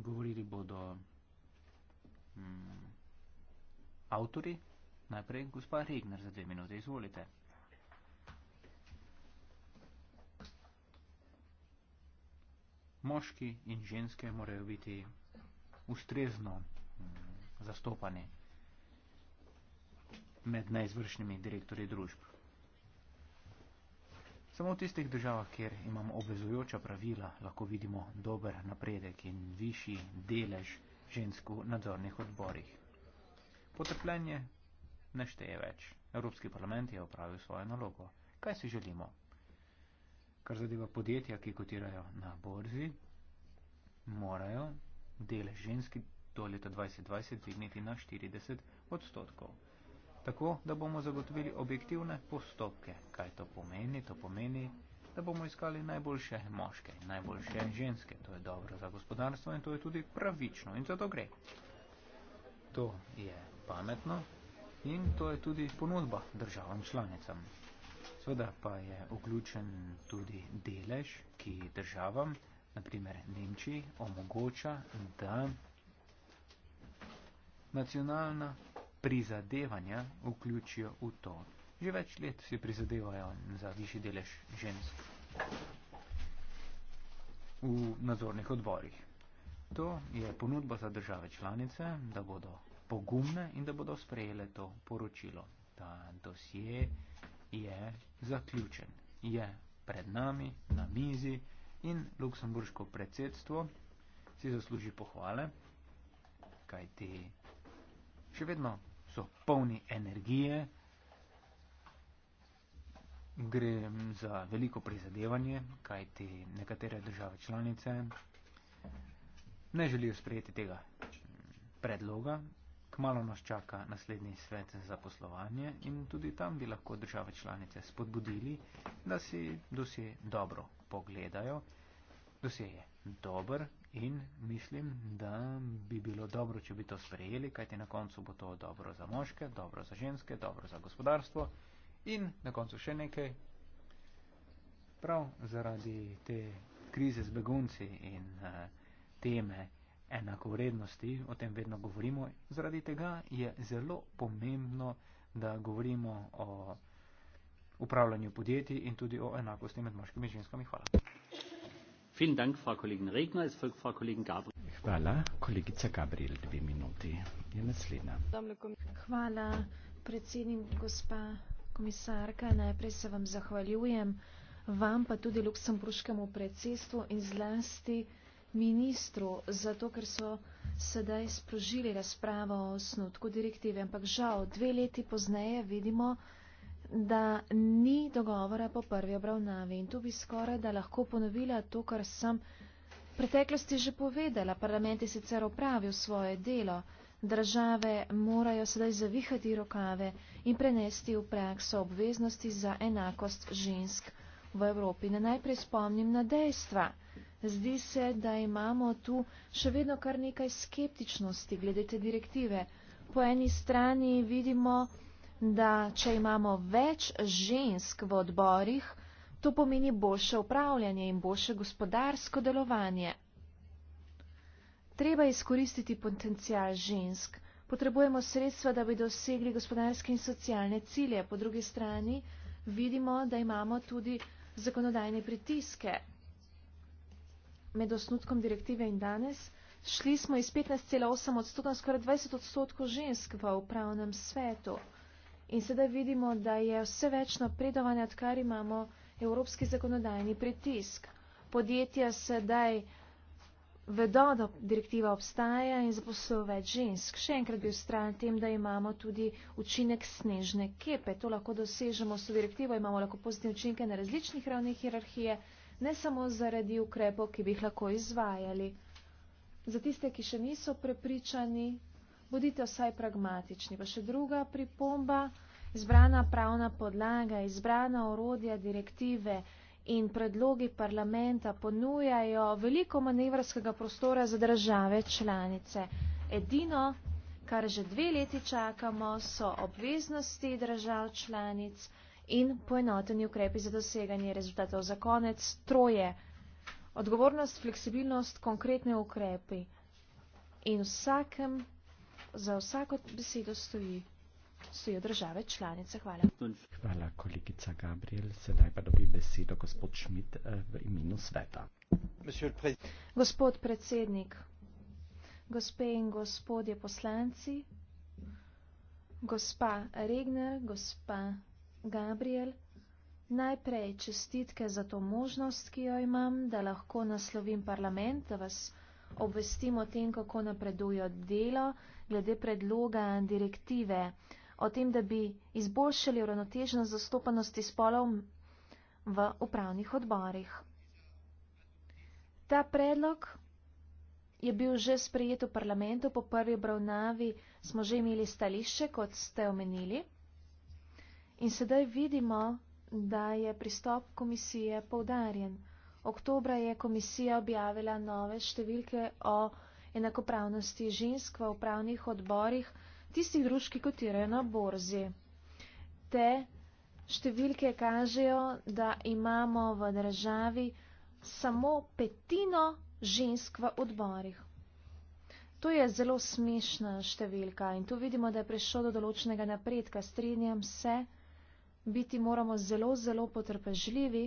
govorili bodo mm, avtori. Najprej gospa Regner za dve minute, izvolite. Moški in ženske morajo biti ustrezno mm, zastopani med najizvršnimi direktori družb. Samo v tistih državah, kjer imamo obvezujoča pravila, lahko vidimo dober napredek in višji delež žensk v nadzornih odborih. Potrpljenje ne šteje več. Evropski parlament je opravil svojo nalogo. Kaj si želimo? Kar zadeva podjetja, ki kotirajo na borzi, morajo delež ženski do leta 2020 dvigniti na 40 odstotkov tako da bomo zagotovili objektivne postopke. Kaj to pomeni? To pomeni, da bomo iskali najboljše moške, najboljše ženske. To je dobro za gospodarstvo in to je tudi pravično in zato gre. To je pametno in to je tudi ponudba državam članicam. Sveda pa je vključen tudi delež, ki državam, naprimer Nemčiji, omogoča, da nacionalna prizadevanja vključijo v to. Že več let si prizadevajo za višji delež žensk v nadzornih odborih. To je ponudba za države članice, da bodo pogumne in da bodo sprejele to poročilo. Ta dosje je zaključen, je pred nami, na mizi in luksemburško predsedstvo si zasluži pohvale, kajti še vedno so polni energije, gre za veliko prizadevanje, kaj ti nekatere države članice ne želijo sprejeti tega mm, predloga. Kmalo nas čaka naslednji svet za poslovanje in tudi tam bi lahko države članice spodbudili, da si dosi dobro pogledajo dosjeje dober in mislim, da bi bilo dobro, če bi to sprejeli, kajti na koncu bo to dobro za moške, dobro za ženske, dobro za gospodarstvo in na koncu še nekaj. Prav zaradi te krize z begunci in uh, teme enakovrednosti, o tem vedno govorimo, zaradi tega je zelo pomembno, da govorimo o upravljanju podjetij in tudi o enakosti med moškimi in ženskami. Hvala. Hvala. Kolegica Gabriel, dve minuti. Je naslednja. Hvala, predsednik, gospa komisarka. Najprej se vam zahvaljujem, vam pa tudi Luksemburškemu predsedstvu in zlasti ministru, zato ker so sedaj sprožili razpravo o snutku direktive. Ampak žal, dve leti pozneje vidimo, da ni dogovora po prvi obravnavi in tu bi skoraj da lahko ponovila to, kar sem v preteklosti že povedala. Parlament je sicer opravil svoje delo, države morajo sedaj zavihati rokave in prenesti v prakso obveznosti za enakost žensk v Evropi. Ne najprej spomnim na dejstva. Zdi se, da imamo tu še vedno kar nekaj skeptičnosti glede te direktive. Po eni strani vidimo, da če imamo več žensk v odborih, to pomeni boljše upravljanje in boljše gospodarsko delovanje. Treba izkoristiti potencial žensk. Potrebujemo sredstva, da bi dosegli gospodarske in socialne cilje. Po drugi strani vidimo, da imamo tudi zakonodajne pritiske. Med osnutkom direktive in danes šli smo iz 15,8 odstotkov na skoraj 20 odstotkov žensk v upravnem svetu. In sedaj vidimo, da je vse več napredovanja, odkar imamo evropski zakonodajni pritisk. Podjetja sedaj vedo, da direktiva obstaja in zaposlujo več žensk. Še enkrat bi ustrajal tem, da imamo tudi učinek snežne kepe. To lahko dosežemo s direktivo, imamo lahko pozitivne učinke na različnih ravnih hierarhije, ne samo zaradi ukrepov, ki bi jih lahko izvajali. Za tiste, ki še niso prepričani, bodite vsaj pragmatični. Pa še druga pripomba, izbrana pravna podlaga, izbrana orodja direktive in predlogi parlamenta ponujajo veliko manevrskega prostora za države članice. Edino, kar že dve leti čakamo, so obveznosti držav članic in poenoteni ukrepi za doseganje rezultatov. Za konec troje. Odgovornost, fleksibilnost, konkretni ukrepi. In vsakem za vsako besedo stoji, stojo države članice. Hvala. Hvala, kolegica Gabriel. Sedaj pa dobi besedo gospod Šmit eh, v imenu sveta. Gospod predsednik, gospe in gospodje poslanci, gospa Regner, gospa Gabriel, najprej čestitke za to možnost, ki jo imam, da lahko naslovim parlament, da vas obvestim o tem, kako napredujo delo glede predloga direktive o tem, da bi izboljšali ravnotežno zastopanosti spolov v upravnih odborih. Ta predlog je bil že sprejet v parlamentu, po prvi obravnavi smo že imeli stališče, kot ste omenili. In sedaj vidimo, da je pristop komisije poudarjen. Oktobra je komisija objavila nove številke o enakopravnosti žensk v upravnih odborih, tistih družb, ki kotirajo na borzi. Te številke kažejo, da imamo v državi samo petino žensk v odborih. To je zelo smešna številka in tu vidimo, da je prišlo do določenega napredka. Strenjam se, biti moramo zelo, zelo potrpežljivi,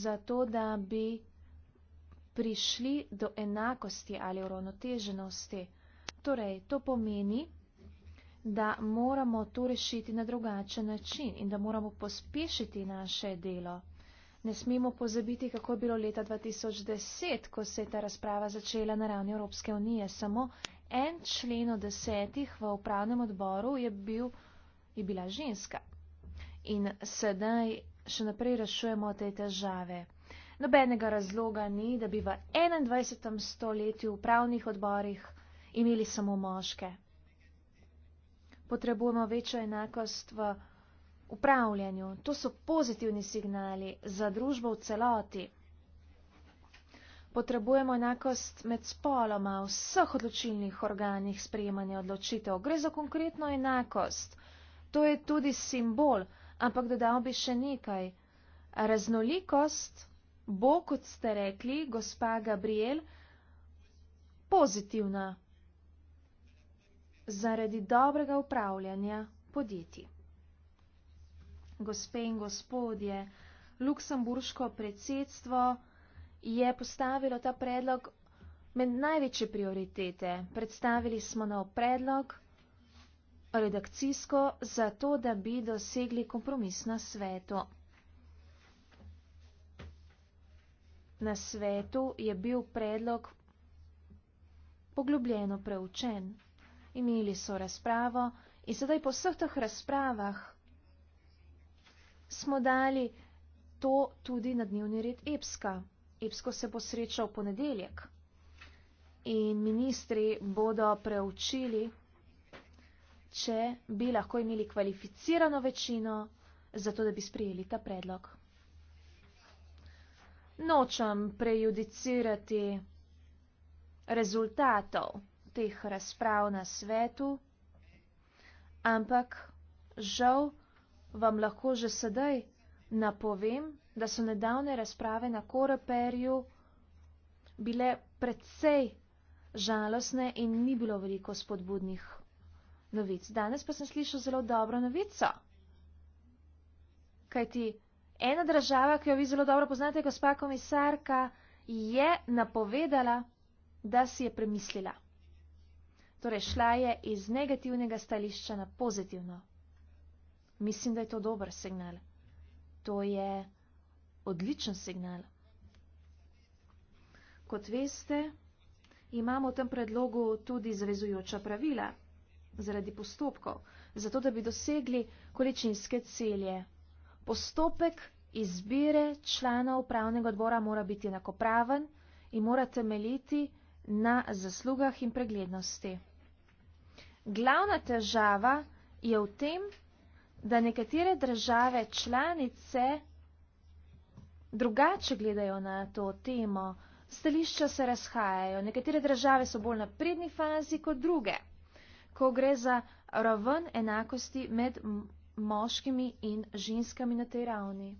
zato da bi prišli do enakosti ali uravnoteženosti. Torej, to pomeni, da moramo to rešiti na drugačen način in da moramo pospešiti naše delo. Ne smemo pozabiti, kako je bilo leta 2010, ko se je ta razprava začela na ravni Evropske unije. Samo en člen od desetih v upravnem odboru je, bil, je bila ženska. In sedaj še naprej rešujemo te težave. Nobenega razloga ni, da bi v 21. stoletju v pravnih odborih imeli samo moške. Potrebujemo večjo enakost v upravljanju. To so pozitivni signali za družbo v celoti. Potrebujemo enakost med spoloma v vseh odločilnih organih sprejemanja odločitev. Gre za konkretno enakost. To je tudi simbol, ampak dodal bi še nekaj. Raznolikost bo, kot ste rekli, gospa Gabriel, pozitivna zaradi dobrega upravljanja podjetij. Gospe in gospodje, Luksemburško predsedstvo je postavilo ta predlog med največje prioritete. Predstavili smo nov predlog redakcijsko, zato da bi dosegli kompromis na svetu. na svetu je bil predlog poglobljeno preučen. Imeli so razpravo in sedaj po vseh teh razpravah smo dali to tudi na dnevni red EPSKA. EPSKO se bo srečal v ponedeljek in ministri bodo preučili, če bi lahko imeli kvalificirano večino, zato da bi sprijeli ta predlog nočem prejudicirati rezultatov teh razprav na svetu, ampak žal vam lahko že sedaj napovem, da so nedavne razprave na Koreperju bile predvsej žalostne in ni bilo veliko spodbudnih novic. Danes pa sem slišal zelo dobro novico, kajti Ena država, ki jo vi zelo dobro poznate, gospa komisarka, je napovedala, da si je premislila. Torej, šla je iz negativnega stališča na pozitivno. Mislim, da je to dober signal. To je odličen signal. Kot veste, imamo v tem predlogu tudi zavezujoča pravila zaradi postopkov, zato da bi dosegli količinske celje. Postopek izbire člana upravnega odbora mora biti enakopraven in mora temeljiti na zaslugah in preglednosti. Glavna težava je v tem, da nekatere države članice drugače gledajo na to temo, stališča se razhajajo, nekatere države so bolj na predni fazi kot druge, ko gre za raven enakosti med moškimi in ženskami na tej ravni.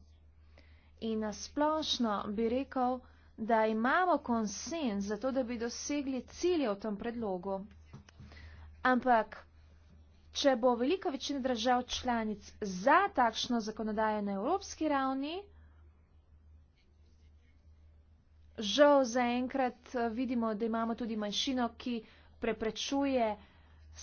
In nasplošno bi rekel, da imamo konsens za to, da bi dosegli cilje v tem predlogu. Ampak, če bo velika večina držav članic za takšno zakonodajo na evropski ravni, žal zaenkrat eh, vidimo, da imamo tudi manjšino, ki preprečuje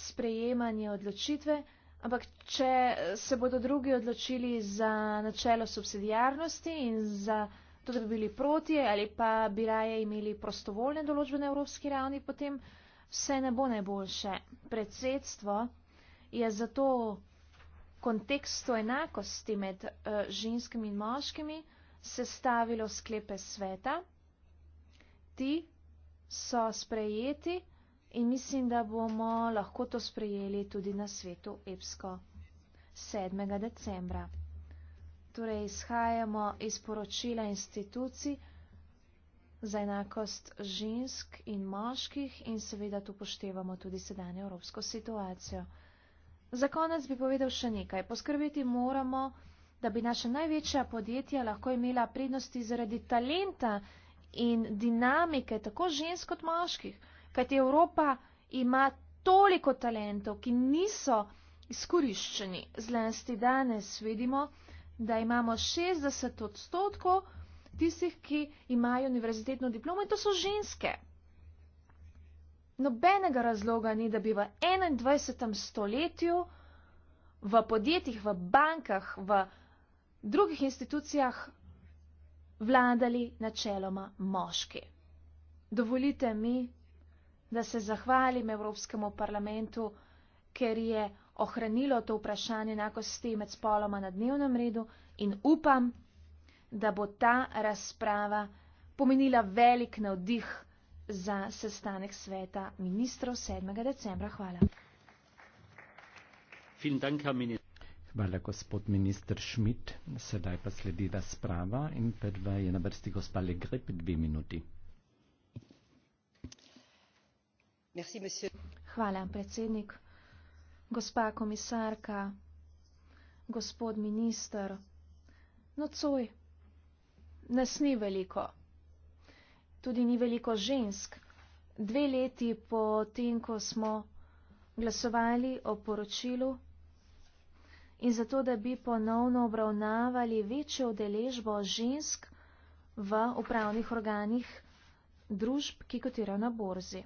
sprejemanje odločitve, Ampak, če se bodo drugi odločili za načelo subsidijarnosti in za to, da bi bili proti ali pa bi raje imeli prostovoljne določbe na evropski ravni, potem vse ne bo najboljše. Predsedstvo je zato kontekstu enakosti med uh, eh, ženskimi in moškimi sestavilo sklepe sveta. Ti so sprejeti in mislim, da bomo lahko to sprejeli tudi na svetu EPSKO 7. decembra. Torej izhajamo iz poročila institucij za enakost žensk in moških in seveda tu poštevamo tudi sedanje evropsko situacijo. Za konec bi povedal še nekaj. Poskrbeti moramo, da bi naše največja podjetja lahko imela prednosti zaradi talenta in dinamike tako žensk kot moških kajti Evropa ima toliko talentov, ki niso izkoriščeni. Zlasti danes vidimo, da imamo 60 odstotkov tistih, ki imajo univerzitetno diplomo in to so ženske. Nobenega razloga ni, da bi v 21. stoletju v podjetjih, v bankah, v drugih institucijah vladali načeloma moški. Dovolite mi, da se zahvalim Evropskemu parlamentu, ker je ohranilo to vprašanje enakosti med spoloma na dnevnem redu in upam, da bo ta razprava pomenila velik navdih za sestanek sveta ministrov 7. decembra. Hvala. Hvala, gospod minister Schmidt. Sedaj pa sledi razprava in prva je na vrsti gospa Legrip dve minuti. Hvala, predsednik. Gospa komisarka, gospod minister, nocoj, nas ni veliko. Tudi ni veliko žensk. Dve leti po tem, ko smo glasovali o poročilu in zato, da bi ponovno obravnavali večjo deležbo žensk v upravnih organih družb, ki kotirajo na borzi.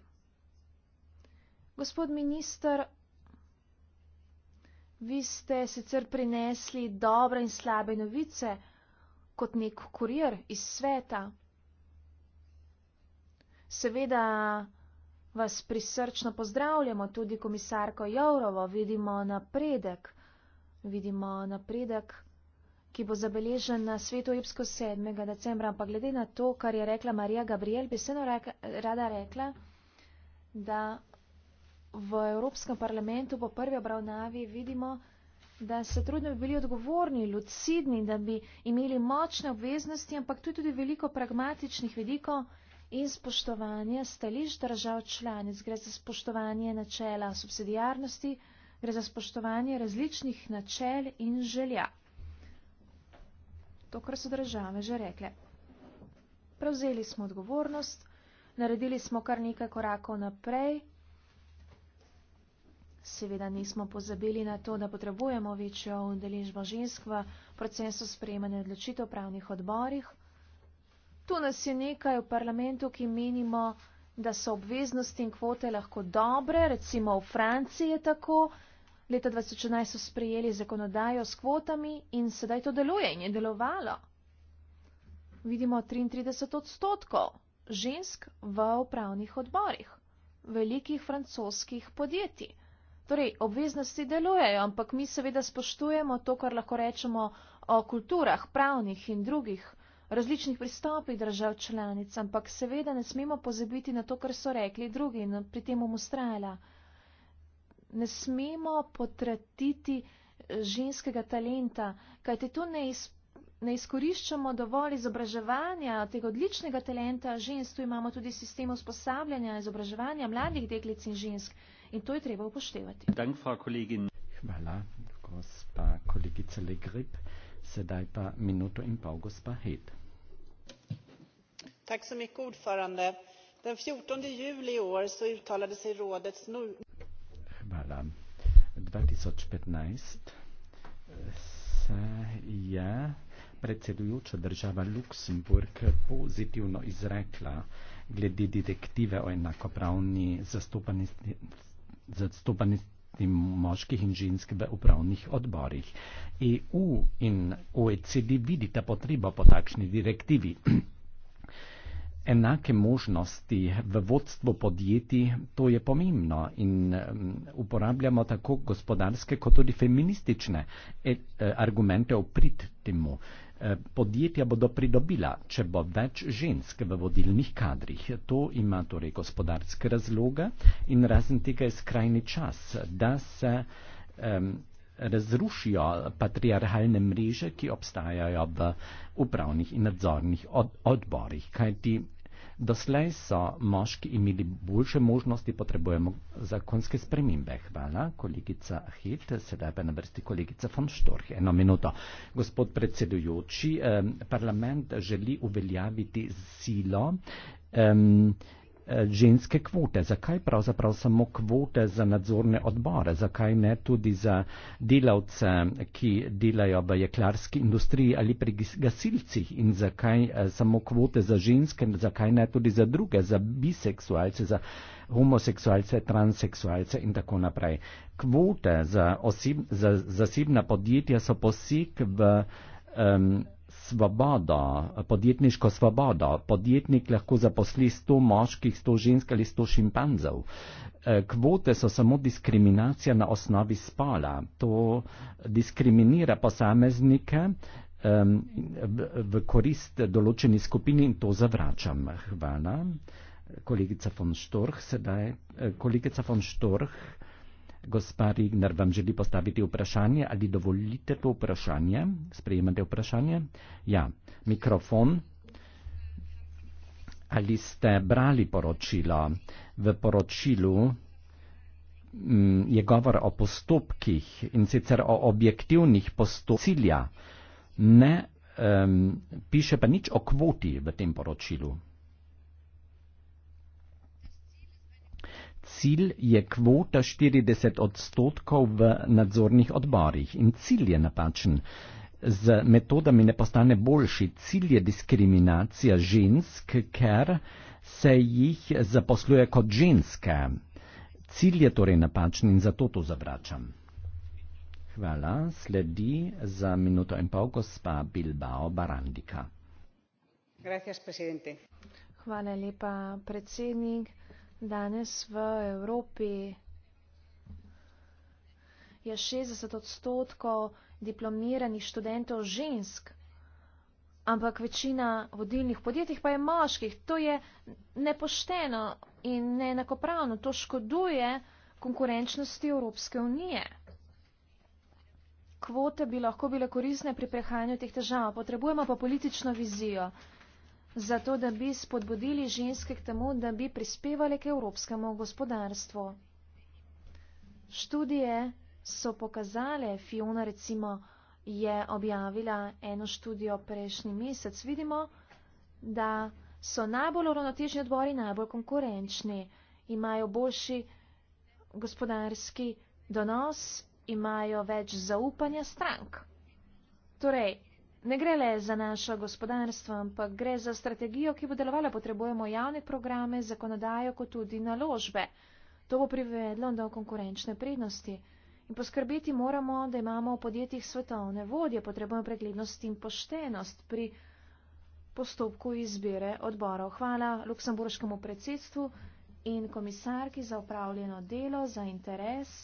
Gospod minister, vi ste sicer prinesli dobre in slabe novice kot nek kurir iz sveta. Seveda vas prisrčno pozdravljamo, tudi komisarko Jourovo, vidimo napredek, vidimo napredek, ki bo zabeležen na svetu Ipsko 7. decembra, ampak glede na to, kar je rekla Marija Gabriel, bi se rada rekla, da v Evropskem parlamentu po prvi obravnavi vidimo, da se trudno bi bili odgovorni, lucidni, da bi imeli močne obveznosti, ampak tudi, tudi veliko pragmatičnih vidikov in spoštovanja stališč držav članic. Gre za spoštovanje načela subsidijarnosti, gre za spoštovanje različnih načel in želja. To, kar so države že rekle. Prevzeli smo odgovornost, naredili smo kar nekaj korakov naprej. Seveda nismo pozabili na to, da potrebujemo večjo udeležbo žensk v procesu sprejemanja odločitev v pravnih odborih. Tu nas je nekaj v parlamentu, ki menimo, da so obveznosti in kvote lahko dobre, recimo v Franciji je tako. Leta 2011 so sprejeli zakonodajo s kvotami in sedaj to deluje in je delovalo. Vidimo 33 odstotkov žensk v upravnih odborih velikih francoskih podjetij. Torej, obveznosti delujejo, ampak mi seveda spoštujemo to, kar lahko rečemo o kulturah, pravnih in drugih različnih pristopih držav članic, ampak seveda ne smemo pozabiti na to, kar so rekli drugi in pri tem bom ustrajala. Ne smemo potratiti eh, ženskega talenta, kajte to ne izpolnjuje ne izkoriščamo dovolj izobraževanja, tega odličnega talenta žensk, tu imamo tudi sistem usposabljanja in izobraževanja mladih deklic in žensk in to je treba upoštevati. Dank, Hvala, gospa kolegica Legrip. Sedaj pa minuto in pol, gospa Hed. Tak sem jih kodfarande. Den 14. juli år så uttalade sig rådet... Nu... Hvala. 2015 så ja, predsedujoča država Luksemburg pozitivno izrekla glede direktive o enakopravni zastopanosti moških in žensk v upravnih odborih. EU in OECD vidita potrebo po takšni direktivi. Enake možnosti v vodstvu podjetij, to je pomembno in um, uporabljamo tako gospodarske kot tudi feministične e, e, argumente oprit temu. Eh, podjetja bodo pridobila, če bo več žensk v vodilnih kadrih. To ima torej gospodarske razloge in razen tega je skrajni čas, da se um, razrušijo patriarhalne mreže, ki obstajajo v upravnih in nadzornih od odborih, kajti Doslej so moški imeli boljše možnosti, potrebujemo zakonske spremembe. Hvala, kolegica Hit, sedaj pa na vrsti kolegica von Storch. Eno minuto. Gospod predsedujoči, eh, parlament želi uveljaviti silo. Eh, Eh, ženske kvote, zakaj pravzaprav samo kvote za nadzorne odbore, zakaj ne tudi za delavce, ki delajo v jeklarski industriji ali pri gasilcih in zakaj eh, samo kvote za ženske, zakaj ne tudi za druge, za biseksualce, za homoseksualce, transseksualce in tako naprej. Kvote za, osib, za zasebna podjetja so posik v. Um, svoboda, podjetniško svobodo. Podjetnik lahko zaposli 100 moških, 100 žensk ali 100 šimpanzov. E, kvote so samo diskriminacija na osnovi spola. To diskriminira posameznike um, v korist določeni skupini in to zavračam. Hvala. Kolegica von Storch, sedaj. E, kolegica von Storch gospa Rigner, vam želi postaviti vprašanje ali dovolite to vprašanje? Sprejemate vprašanje? Ja, mikrofon. Ali ste brali poročilo? V poročilu mm, je govor o postopkih in sicer o objektivnih postopkih. Ne um, piše pa nič o kvoti v tem poročilu. Cilj je kvota 40 odstotkov v nadzornih odborih in cilj je napačen. Z metodami ne postane boljši, cilj je diskriminacija žensk, ker se jih zaposluje kot ženske. Cilj je torej napačen in zato to zavračam. Hvala. Sledi za minuto in pol gospa Bilbao Barandika. Gracias, Hvala lepa, predsednik. Danes v Evropi je 60 odstotkov diplomiranih študentov žensk, ampak večina vodilnih podjetij pa je moških. To je nepošteno in neenakopravno. To škoduje konkurenčnosti Evropske unije. Kvote bi lahko bile koristne pri prehajanju teh težav. Potrebujemo pa politično vizijo zato da bi spodbudili ženske k temu, da bi prispevali k evropskemu gospodarstvu. Študije so pokazale, Fiona recimo je objavila eno študijo prejšnji mesec, vidimo, da so najbolj uravnotežni odbori najbolj konkurenčni, imajo boljši gospodarski donos, imajo več zaupanja strank. Torej, Ne gre le za naše gospodarstvo, ampak gre za strategijo, ki bo delovala. Potrebujemo javne programe, zakonodajo, kot tudi naložbe. To bo privedlo do konkurenčne prednosti. In poskrbeti moramo, da imamo v podjetjih svetovne vodje, potrebujemo preglednost in poštenost pri postopku izbire odborov. Hvala luksemburškemu predsedstvu in komisarki za upravljeno delo, za interes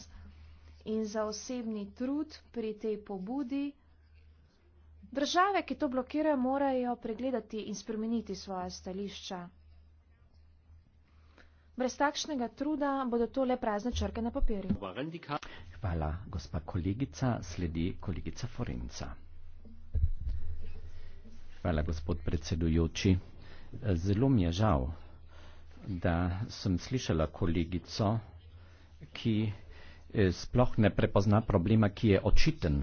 in za osebni trud pri tej pobudi. Države, ki to blokirajo, morajo pregledati in spremeniti svoje stališča. Brez takšnega truda bodo to le prazne črke na papirju. Hvala, gospa kolegica. Sledi kolegica Forenca. Hvala, gospod predsedujoči. Zelo mi je žal, da sem slišala kolegico, ki eh, sploh ne prepozna problema, ki je očiten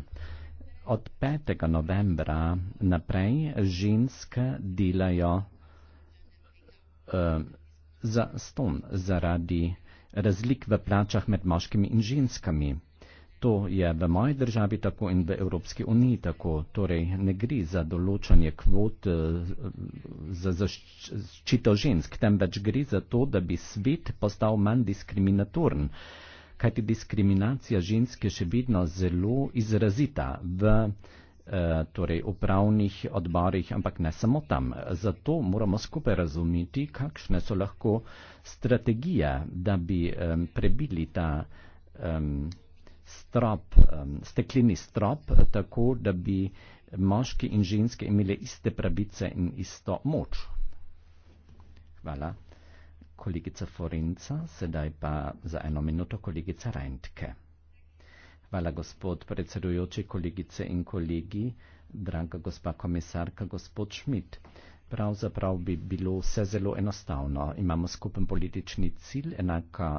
od 5. novembra naprej ženske delajo uh, za ston zaradi razlik v plačah med moškimi in ženskami. To je v moji državi tako in v Evropski uniji tako. Torej ne gre za določanje kvot eh, za zaščito žensk, temveč gre za to, da bi svet postal manj diskriminatoren. Uh, kajti diskriminacija ženske še vedno zelo izrazita v eh, torej, upravnih odborih, ampak ne samo tam. Zato moramo skupaj razumeti, kakšne so lahko strategije, da bi prebili ta strop, steklini strop, tako da bi moški in ženske imeli iste pravice in isto moč. Hvala kolegica Forenca, sedaj pa za eno minuto kolegica Reintke. Hvala gospod predsedujoči kolegice in kolegi, draga gospa komisarka, gospod Šmit. Pravzaprav bi bilo vse zelo enostavno. Imamo skupen politični cilj, enaka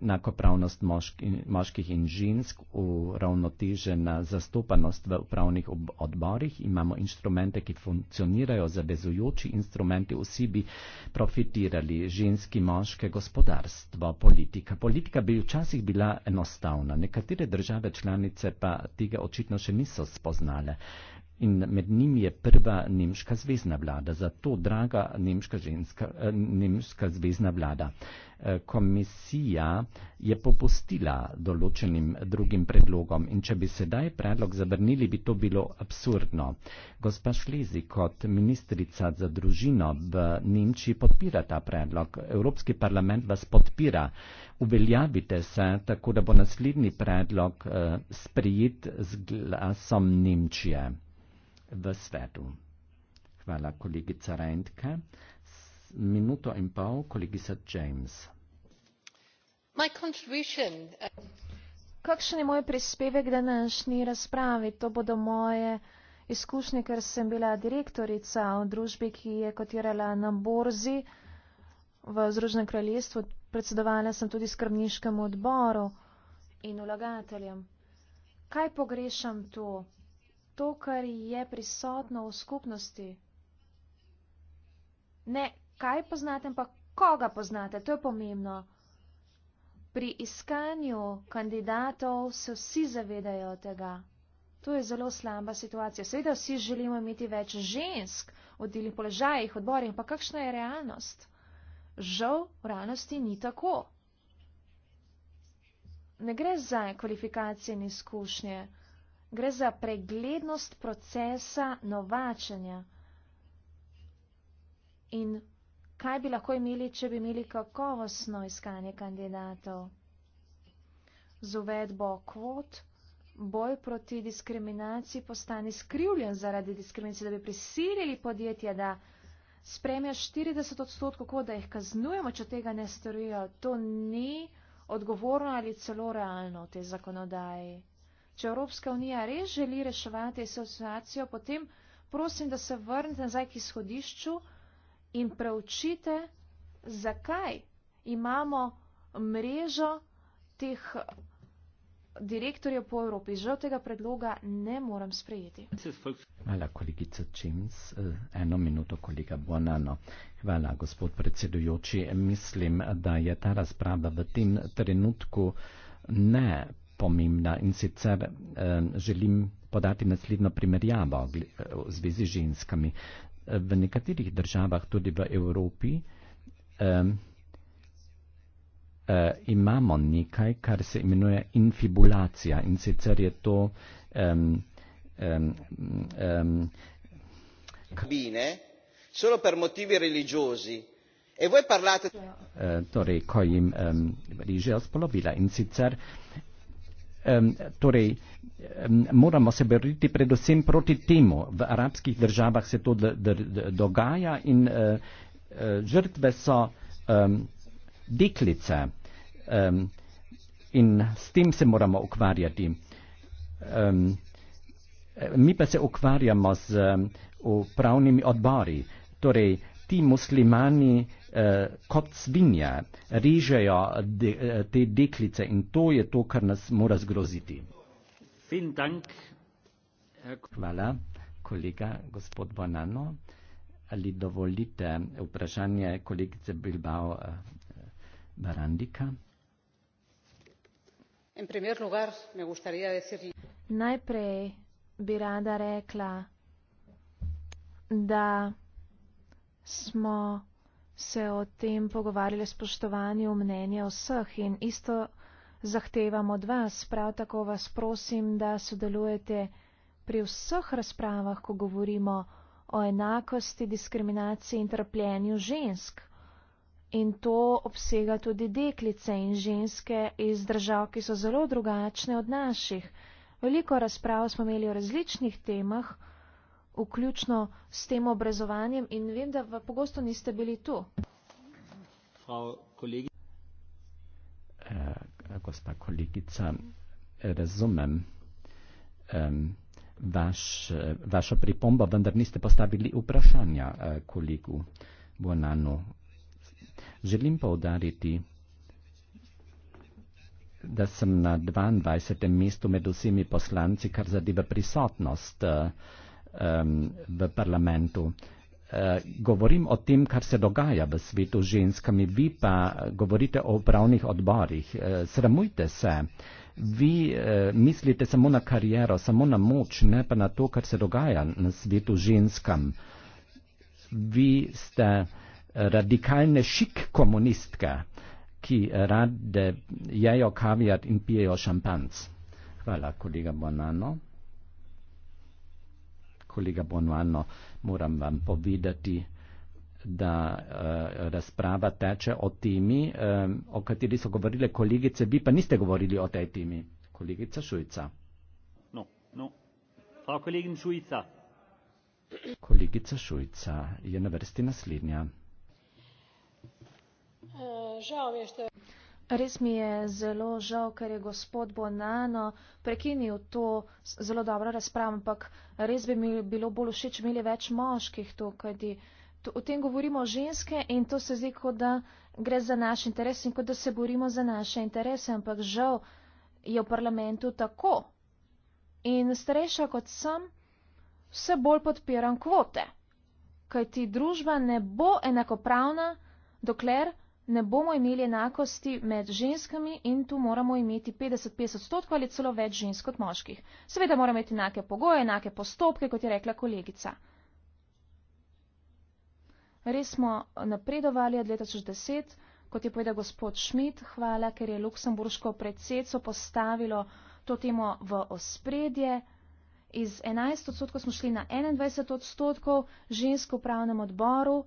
enakopravnost mošk, moških in žensk, uravnotežena zastopanost v upravnih ob, odborih, imamo instrumente, ki funkcionirajo, zavezujoči instrumenti, vsi bi profitirali, ženski, moške, gospodarstvo, politika. Politika bi včasih bila enostavna, nekatere države članice pa tega očitno še niso spoznale in med njimi je prva nemška zvezdna vlada. Zato, draga nemška, ženska, eh, nemška zvezdna vlada, eh, komisija je popustila določenim drugim predlogom in če bi sedaj predlog zabrnili, bi to bilo absurdno. Gospa Šlezi kot ministrica za družino v Nemčiji podpira ta predlog. Evropski parlament vas podpira. Uveljavite se, tako da bo naslednji predlog eh, sprejet z glasom Nemčije v svetu. Hvala kolegica Rajntke. Minuto in pol kolegica James. My contribution. Uh, Kakšen je moj prispevek današnji razpravi? To bodo moje izkušnje, ker sem bila direktorica v družbi, ki je kotirala na borzi v Združenem kraljestvu. Predsedovala sem tudi skrbniškemu odboru in vlagateljem. Kaj pogrešam tu? to, kar je prisotno v skupnosti. Ne, kaj poznate, pa koga poznate, to je pomembno. Pri iskanju kandidatov se vsi zavedajo tega. To je zelo slaba situacija. Seveda vsi želimo imeti več žensk v delih položajih, odborih, ampak kakšna je realnost? Žal, v realnosti ni tako. Ne gre za kvalifikacije in izkušnje gre za preglednost procesa novačenja. In kaj bi lahko imeli, če bi imeli kakovostno iskanje kandidatov? Z uvedbo kvot boj proti diskriminaciji postane skrivljen zaradi diskriminacije, da bi prisilili podjetje, da spremlja 40 odstotkov kvot, da jih kaznujemo, če tega ne storijo. To ni odgovorno ali celo realno v tej zakonodaji. Če Evropska unija res želi reševati asociacijo, potem prosim, da se vrnete nazaj k izhodišču in preučite, zakaj imamo mrežo teh direktorjev po Evropi. Žal tega predloga ne morem sprejeti. Hvala, kolegica Čims. Eh, eno minuto, kolega Bonano. Hvala, gospod predsedujoči. Mislim, da je ta razprava v tem trenutku ne pomembna in sicer eh, želim podati naslednjo primerjavo v zvezi z ženskami. V nekaterih državah, tudi v Evropi, eh, eh, imamo nekaj, kar se imenuje infibulacija in sicer je to. Eh, eh, eh, eh, Solo per motivi religiosi. E voi parlate... Eh, torej, ko jim eh, rižejo spolovila in sicer Torej, moramo se boriti predvsem proti temu. V arabskih državah se to dogaja in e, e, žrtve so deklice in s tem se moramo ukvarjati. Mi pa se ukvarjamo z upravnimi odbori. Torej, ti muslimani eh, kot svinje režejo de, eh, te deklice in to je to, kar nas mora zgroziti. Hvala, kolega gospod Bonano. Ali dovolite vprašanje kolegice Bilbao eh, Barandika? Najprej bi rada rekla, da smo se o tem pogovarjali spoštovanju mnenja vseh in isto zahtevam od vas. Prav tako vas prosim, da sodelujete pri vseh razpravah, ko govorimo o enakosti, diskriminaciji in trpljenju žensk. In to obsega tudi deklice in ženske iz držav, ki so zelo drugačne od naših. Veliko razprav smo imeli o različnih temah, vključno s tem obrazovanjem in vem, da v pogosto niste bili tu. Frau kolegi. Eh, gospa kolegica, razumem eh, vaš, vašo pripombo, vendar niste postavili vprašanja eh, kolegu Buonanu. Želim poudariti, da sem na 22. mestu med vsemi poslanci, kar zadeva prisotnost. Eh, um, v parlamentu. Eh, govorim o tem, kar se dogaja v svetu z ženskami, vi pa govorite o upravnih odborih. Eh, sramujte se, vi eh, mislite samo na kariero, samo na moč, ne pa na to, kar se dogaja na svetu ženskam. Vi ste radikalne šik komunistke, ki rade jejo kavijat in pijejo šampanc. Hvala, kolega Bonano kolega Bonvano, moram vam povedati, da e, razprava teče o temi, e, o kateri so govorile kolegice, vi pa niste govorili o tej temi, kolegica Šujca. No, no. Hvala, kolegin Šujca. Kolegica Šujca je na vrsti naslednja. E, žal mi je, što je. Res mi je zelo žal, ker je gospod Bonano prekinil to zelo dobro razpravo, ampak res bi mi bilo bolj všeč, imeli več moških tukaj. O tem govorimo ženske in to se zdi, kot da gre za naš interes in kot da se borimo za naše interese, ampak žal je v parlamentu tako. In starejša kot sem, vse bolj podpiram kvote, kajti družba ne bo enakopravna, dokler ne bomo imeli enakosti med ženskami in tu moramo imeti 50-50 odstotkov ali celo več žensk kot moških. Seveda moramo imeti enake pogoje, enake postopke, kot je rekla kolegica. Res smo napredovali od leta 2010, kot je povedal gospod Schmidt, hvala, ker je luksemburško predsedstvo postavilo to temo v ospredje. Iz 11 odstotkov smo šli na 21 odstotkov žensk v pravnem odboru.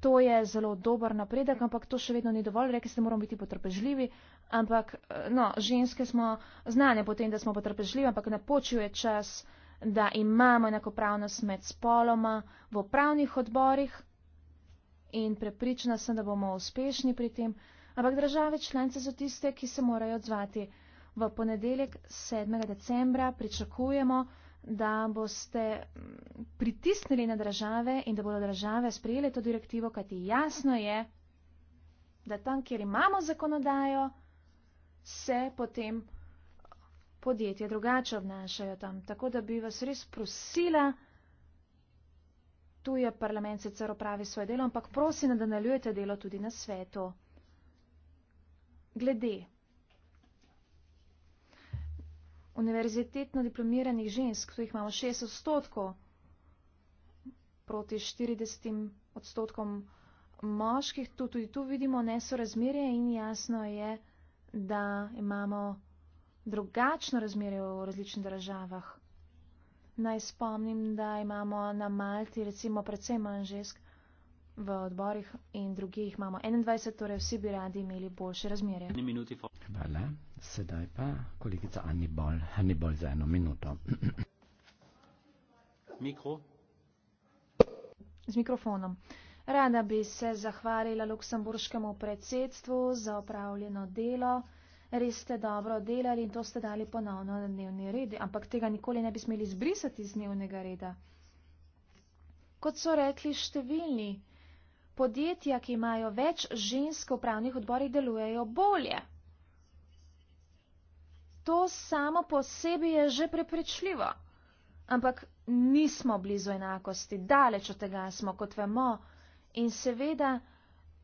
To je zelo dober napredek, ampak to še vedno ni dovolj. Rekli ste, moramo biti potrpežljivi, ampak eh, no, ženske smo znane potem, da smo potrpežljivi, ampak napočil je čas, da imamo enakopravnost med spoloma v upravnih odborih in prepričana sem, da bomo uspešni pri tem. Ampak države članice so tiste, ki se morajo odzvati. V ponedeljek 7. decembra pričakujemo, da boste mm, pritisnili na države in da bodo države sprejeli to direktivo, kajti jasno je, da tam, kjer imamo zakonodajo, se potem podjetje drugače obnašajo tam. Tako da bi vas res prosila, tu je parlament sicer opravi svoje delo, ampak prosim, da nadaljujete delo tudi na svetu. Glede univerzitetno diplomiranih žensk, tu jih imamo 60 odstotkov proti 40 odstotkom moških, tu tudi tu vidimo nesorazmerje in jasno je, da imamo drugačno razmerje v različnih državah. Naj spomnim, da imamo na Malti recimo predvsem manj žensk, v odborih in drugih jih imamo 21, torej vsi bi radi imeli boljše razmere. Hvala. Sedaj pa kolegica Anibol. Anibol za eno minuto. Mikro. Z mikrofonom. Rada bi se zahvalila luksemburškemu predsedstvu za opravljeno delo. Res ste dobro delali in to ste dali ponovno na dnevni red, ampak tega nikoli ne bi smeli zbrisati z dnevnega reda. Kot so rekli številni, podjetja, ki imajo več žensk v pravnih odborih, delujejo bolje. To samo po sebi je že prepričljivo, ampak nismo blizu enakosti, daleč od tega smo, kot vemo, in seveda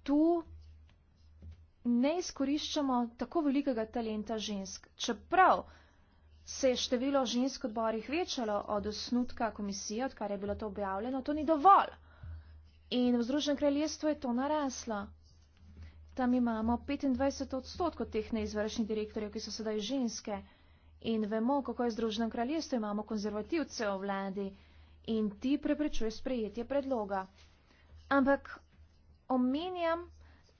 tu ne izkoriščamo tako velikega talenta žensk, čeprav se je število žensk v odborih večalo od osnutka komisije, odkar je bilo to objavljeno, to ni dovolj. In v Združenem kraljestvu je to naraslo. Tam imamo 25 odstotkov teh neizvršnih direktorjev, ki so sedaj ženske. In vemo, kako je v Združenem kraljestvu, imamo konzervativce v vladi in ti preprečuje sprejetje predloga. Ampak omenjam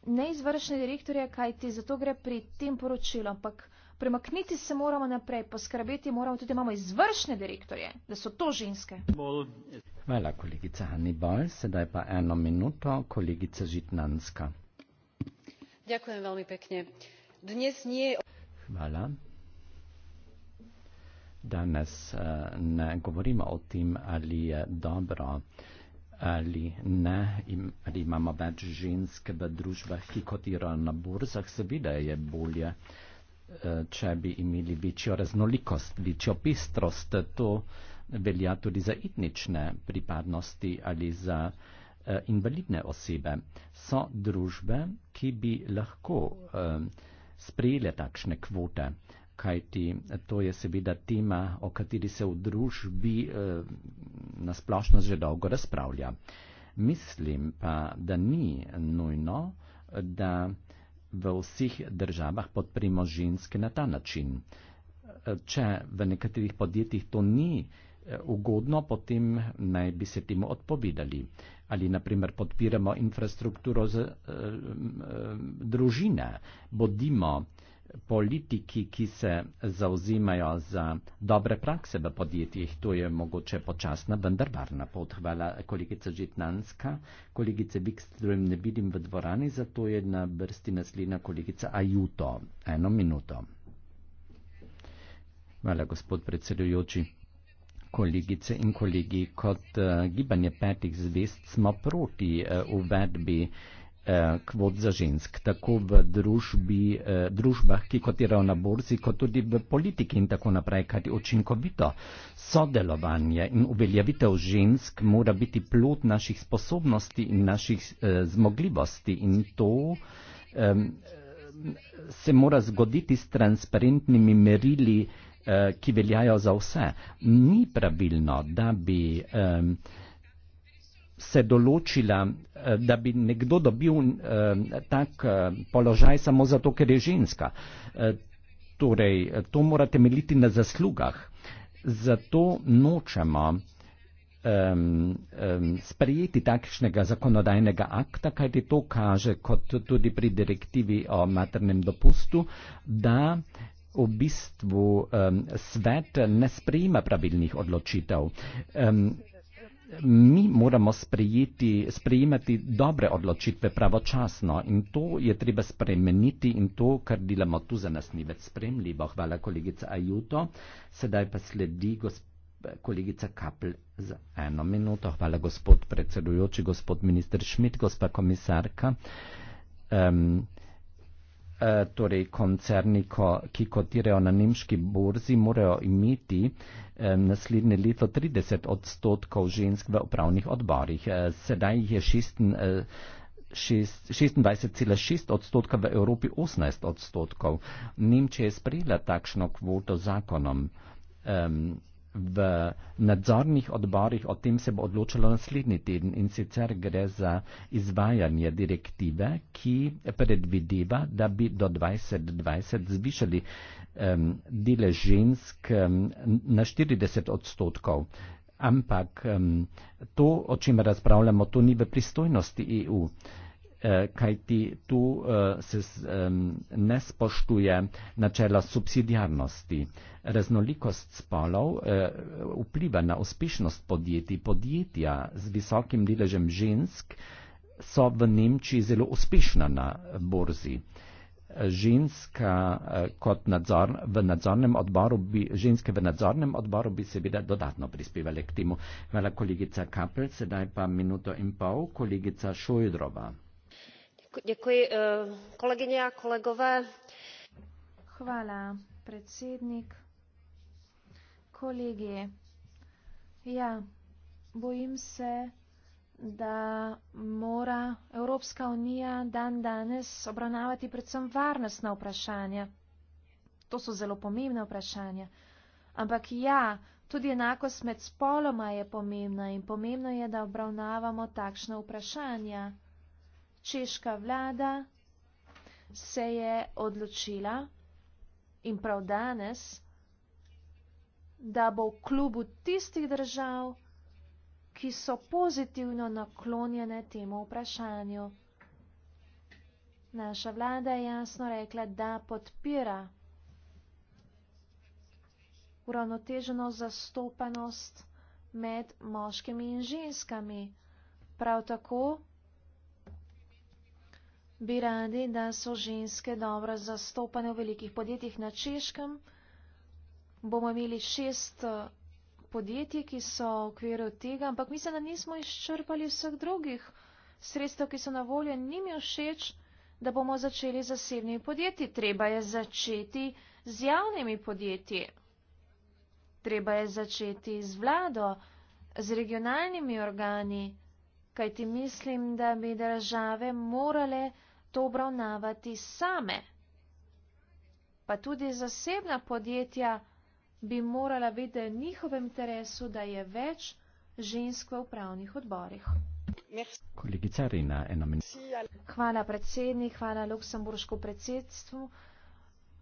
neizvršne direktorje, kaj ti zato gre pri tem poročilu. Ampak premakniti se moramo naprej, poskrbeti moramo tudi, da imamo izvršne direktorje, da so to ženske. Hvala, kolegica Hannibal. Sedaj pa eno minuto, kolegica Žitnanska. Ďakujem veľmi pekne. Dnes nie... Hvala. Danes eh, ne govorimo o tem, ali je dobro ali ne, ali imamo več žensk v družbah, ki kotirajo na burzah. Seveda je bolje če bi imeli večjo raznolikost, večjo pestrost. To velja tudi za etnične pripadnosti ali za e, invalidne osebe. So družbe, ki bi lahko e, sprejele takšne kvote, kajti to je seveda tema, o kateri se v družbi e, nasplošno že dolgo razpravlja. Mislim pa, da ni nujno, da v vseh državah podprimo ženske na ta način. E, če v nekaterih podjetjih to ni e, ugodno, potem naj bi se temu odpovedali. Ali naprimer podpiramo infrastrukturo z, eh, družine, bodimo eh, politiki, ki se zauzimajo za dobre prakse v podjetjih, to je mogoče počasna, vendar varna pot. Hvala kolegica Žitnanska, kolegice Vikstrujem ne vidim v dvorani, zato je na vrsti naslednja kolegica Ajuto. Eno minuto. Hvala, gospod predsedujoči. Kolegice in kolegi, kot uh, gibanje petih zvest smo proti uh, uvedbi uh, Eh, kvot za žensk, tako v družbi, eh, družbah, ki kotirajo na borzi, kot tudi v politiki in tako naprej, kajti očinkovito sodelovanje in uveljavitev žensk mora biti plot naših sposobnosti in naših eh, zmogljivosti in to um, se mora zgoditi s transparentnimi merili, ki veljajo za vse. Ni pravilno, da bi um, se določila, eh, da bi nekdo dobil eh, tak eh, položaj samo zato, ker je ženska. Torej, to mora temeljiti na zaslugah. Zato nočemo sprejeti takšnega zakonodajnega akta, kajti to kaže, kot tudi pri direktivi o maternem dopustu, da v bistvu svet ne sprejima pravilnih odločitev mi moramo sprejeti, sprejemati dobre odločitve pravočasno in to je treba spremeniti in to, kar delamo tu za nas, ni več spremljivo. Hvala, kolegica Ajuto. Sedaj pa sledi gosp... kolegica Kapl za eno minuto. Hvala, gospod predsedujoči, gospod minister Šmit, gospa komisarka. Um, Eh, torej koncerni, ko, ki kotirajo na nemški borzi, morajo imeti eh, naslednje leto 30 odstotkov žensk v upravnih odborih. Eh, sedaj jih je 26,6 odstotka, v Evropi 18 odstotkov. Nemčija je sprejela takšno kvoto zakonom v nadzornih odborih o tem se bo odločalo naslednji teden in sicer gre za izvajanje direktive, ki predvideva, da bi do 2020 zvišali um, dele žensk um, na 40 odstotkov. Ampak um, to, o čem razpravljamo, to ni v pristojnosti EU kajti tu eh, se ne spoštuje načela subsidijarnosti. Raznolikost spolov eh, vpliva na uspešnost podjetij. Podjetja z visokim deležem žensk so v Nemčiji zelo uspešna na borzi. Ženska eh, kot nadzor, v nadzornem odboru bi, ženske v nadzornem odboru bi seveda dodatno prispevali k temu. Hvala kolegica Kapel, sedaj pa minuto in pol kolegica Šojdrova. Eh, hvala predsednik kolegi ja bojim se da mora evropska unija dan danes obravnavati predvsem varnostna vprašanja to so zelo pomembna vprašanja ampak ja tudi enakost med spoloma je pomembna in pomembno je da obravnavamo takšna vprašanja češka vlada se je odločila in prav danes, da bo v klubu tistih držav, ki so pozitivno naklonjene temu vprašanju. Naša vlada je jasno rekla, da podpira uravnoteženo zastopanost med moškimi in ženskami. Prav tako bi radi, da so ženske dobro zastopane v velikih podjetjih na Češkem. Bomo imeli šest eh, podjetij, ki so v okviru tega, ampak mislim, da nismo izčrpali vseh drugih sredstev, ki so na voljo. Ni mi všeč, da bomo začeli z zasebnimi podjetji. Treba je začeti z javnimi podjetji. Treba je začeti z vlado, z regionalnimi organi, kajti mislim, da bi države morale to obravnavati same. Pa tudi zasebna podjetja bi morala videti v njihovem interesu, da je več žensk v upravnih odborih. Hvala predsednik, hvala Luksemburško predsedstvo,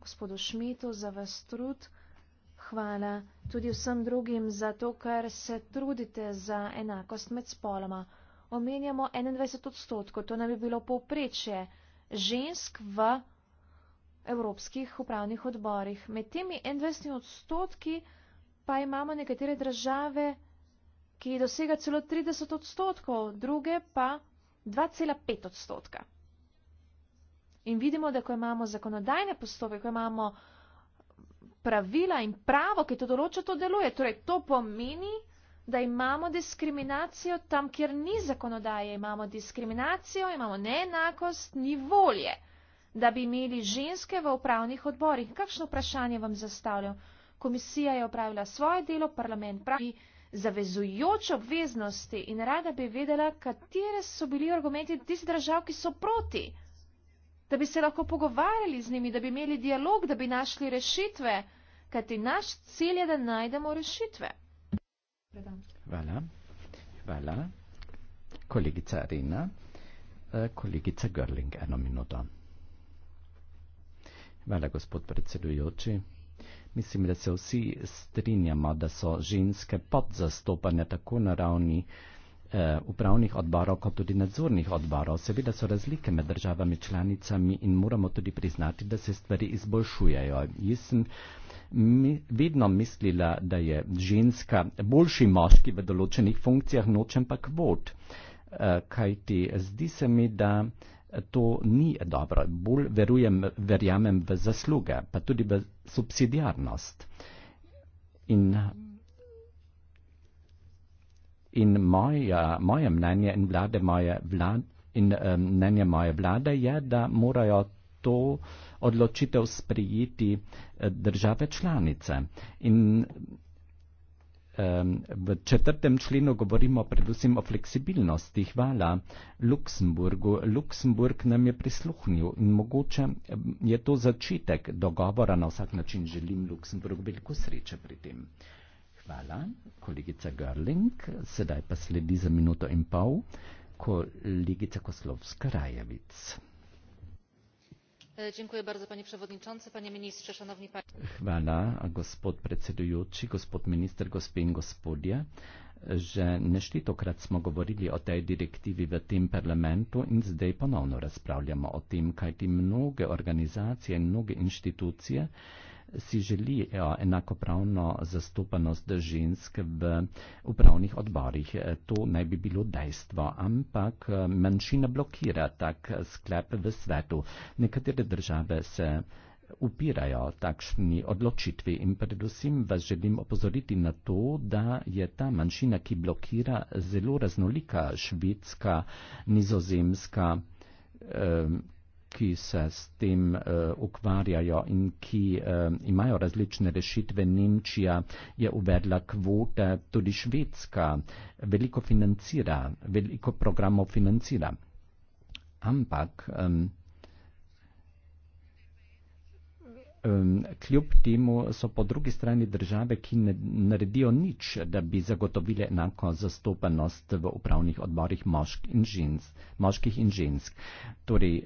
gospodu Šmitu za vas trud. Hvala tudi vsem drugim za to, ker se trudite za enakost med spoloma. Omenjamo 21 odstotkov, to nam bi bilo povprečje žensk v evropskih upravnih odborih. Med temi 21 odstotki pa imamo nekatere države, ki dosega celo 30 odstotkov, druge pa 2,5 odstotka. In vidimo, da ko imamo zakonodajne postope, ko imamo pravila in pravo, ki to določa, to deluje. Torej, to pomeni, da imamo diskriminacijo tam, kjer ni zakonodaje, imamo diskriminacijo, imamo neenakost, ni volje, da bi imeli ženske v upravnih odborih. Kakšno vprašanje vam zastavljam? Komisija je opravila svoje delo, parlament pravi zavezujoč obveznosti in rada bi vedela, katere so bili argumenti tistih držav, ki so proti, da bi se lahko pogovarjali z njimi, da bi imeli dialog, da bi našli rešitve, kajti naš cilj je, da najdemo rešitve predam. Hvala. Hvala. Kolegica Arena, eh, kolegica Görling, eno minuto. Hvala, gospod predsedujoči. Mislim, da se vsi strinjamo, da so ženske podzastopane tako na ravni eh, upravnih odborov, kot tudi nadzornih odborov. Seveda so razlike med državami članicami in moramo tudi priznati, da se stvari izboljšujejo. Jaz sem mi, vedno mislila, da je ženska boljši moški v določenih funkcijah, nočem pa kvot. Eh, kajti zdi se mi, da to ni dobro. Bolj verujem, verjamem v zasluge, pa tudi v subsidiarnost. In, in moja, moje mnenje in vlade moje vlade. In eh, mnenje moje vlade je, da morajo to uh, odločitev sprijeti eh, države članice. In v četrtem členu govorimo predvsem o fleksibilnosti. Hvala Luksemburgu. Luksemburg nam je prisluhnil in mogoče je to začetek dogovora. Na vsak način želim Luksemburgu veliko sreče pri tem. Hvala, kolegica Görling. Sedaj pa sledi za minuto in pol kolegica Koslovska Rajevic. E, Hvala, gospod predsedujoči, gospod minister, gospe in gospodje, že neštitokrat smo govorili o tej direktivi v tem parlamentu in zdaj ponovno razpravljamo o tem, kajti mnoge organizacije in mnoge inštitucije si želi eh, enakopravno zastopanost žensk v upravnih odborih. Eh, to naj bi bilo dejstvo, ampak eh, manjšina blokira tak sklep v svetu. Nekatere države se upirajo takšni odločitvi in predvsem vas želim opozoriti na to, da je ta manjšina, ki blokira, zelo raznolika švedska, nizozemska, ki se s tem uh, ukvarjajo in ki uh, imajo različne rešitve. Nemčija je uvedla kvote, tudi Švedska veliko financira, veliko programov financira. Ampak um, um, kljub temu so po drugi strani države, ki ne naredijo nič, da bi zagotovile enako zastopanost v upravnih odborih mošk in žensk, moških in žensk. Torej,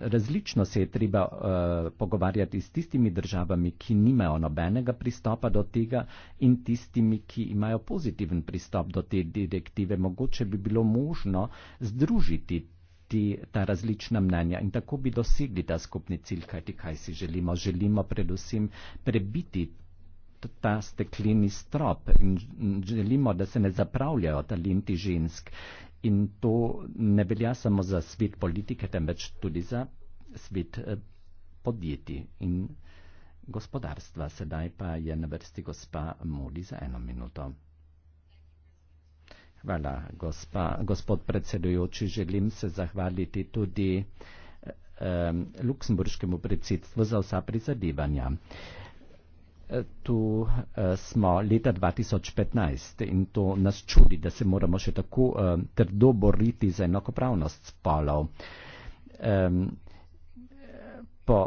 različno se je treba uh, pogovarjati s tistimi državami, ki nimajo nobenega pristopa do tega in tistimi, ki imajo pozitiven pristop do te direktive. Mogoče bi bilo možno združiti ti, ta različna mnenja in tako bi dosegli ta skupni cilj, kaj ti kaj si želimo. Želimo predvsem prebiti ta stekleni strop in želimo, da se ne zapravljajo talenti žensk. In to ne velja samo za svet politike, temveč tudi za svet eh, podjetij in gospodarstva. Sedaj pa je na vrsti gospa Moli za eno minuto. Hvala, gospa, gospod predsedujoči. Želim se zahvaliti tudi um, Luksemburškemu predsedstvu za vsa prizadevanja. Tu uh, smo leta 2015 in to nas čudi, da se moramo še tako uh, trdo boriti za enakopravnost spolov. Um, po,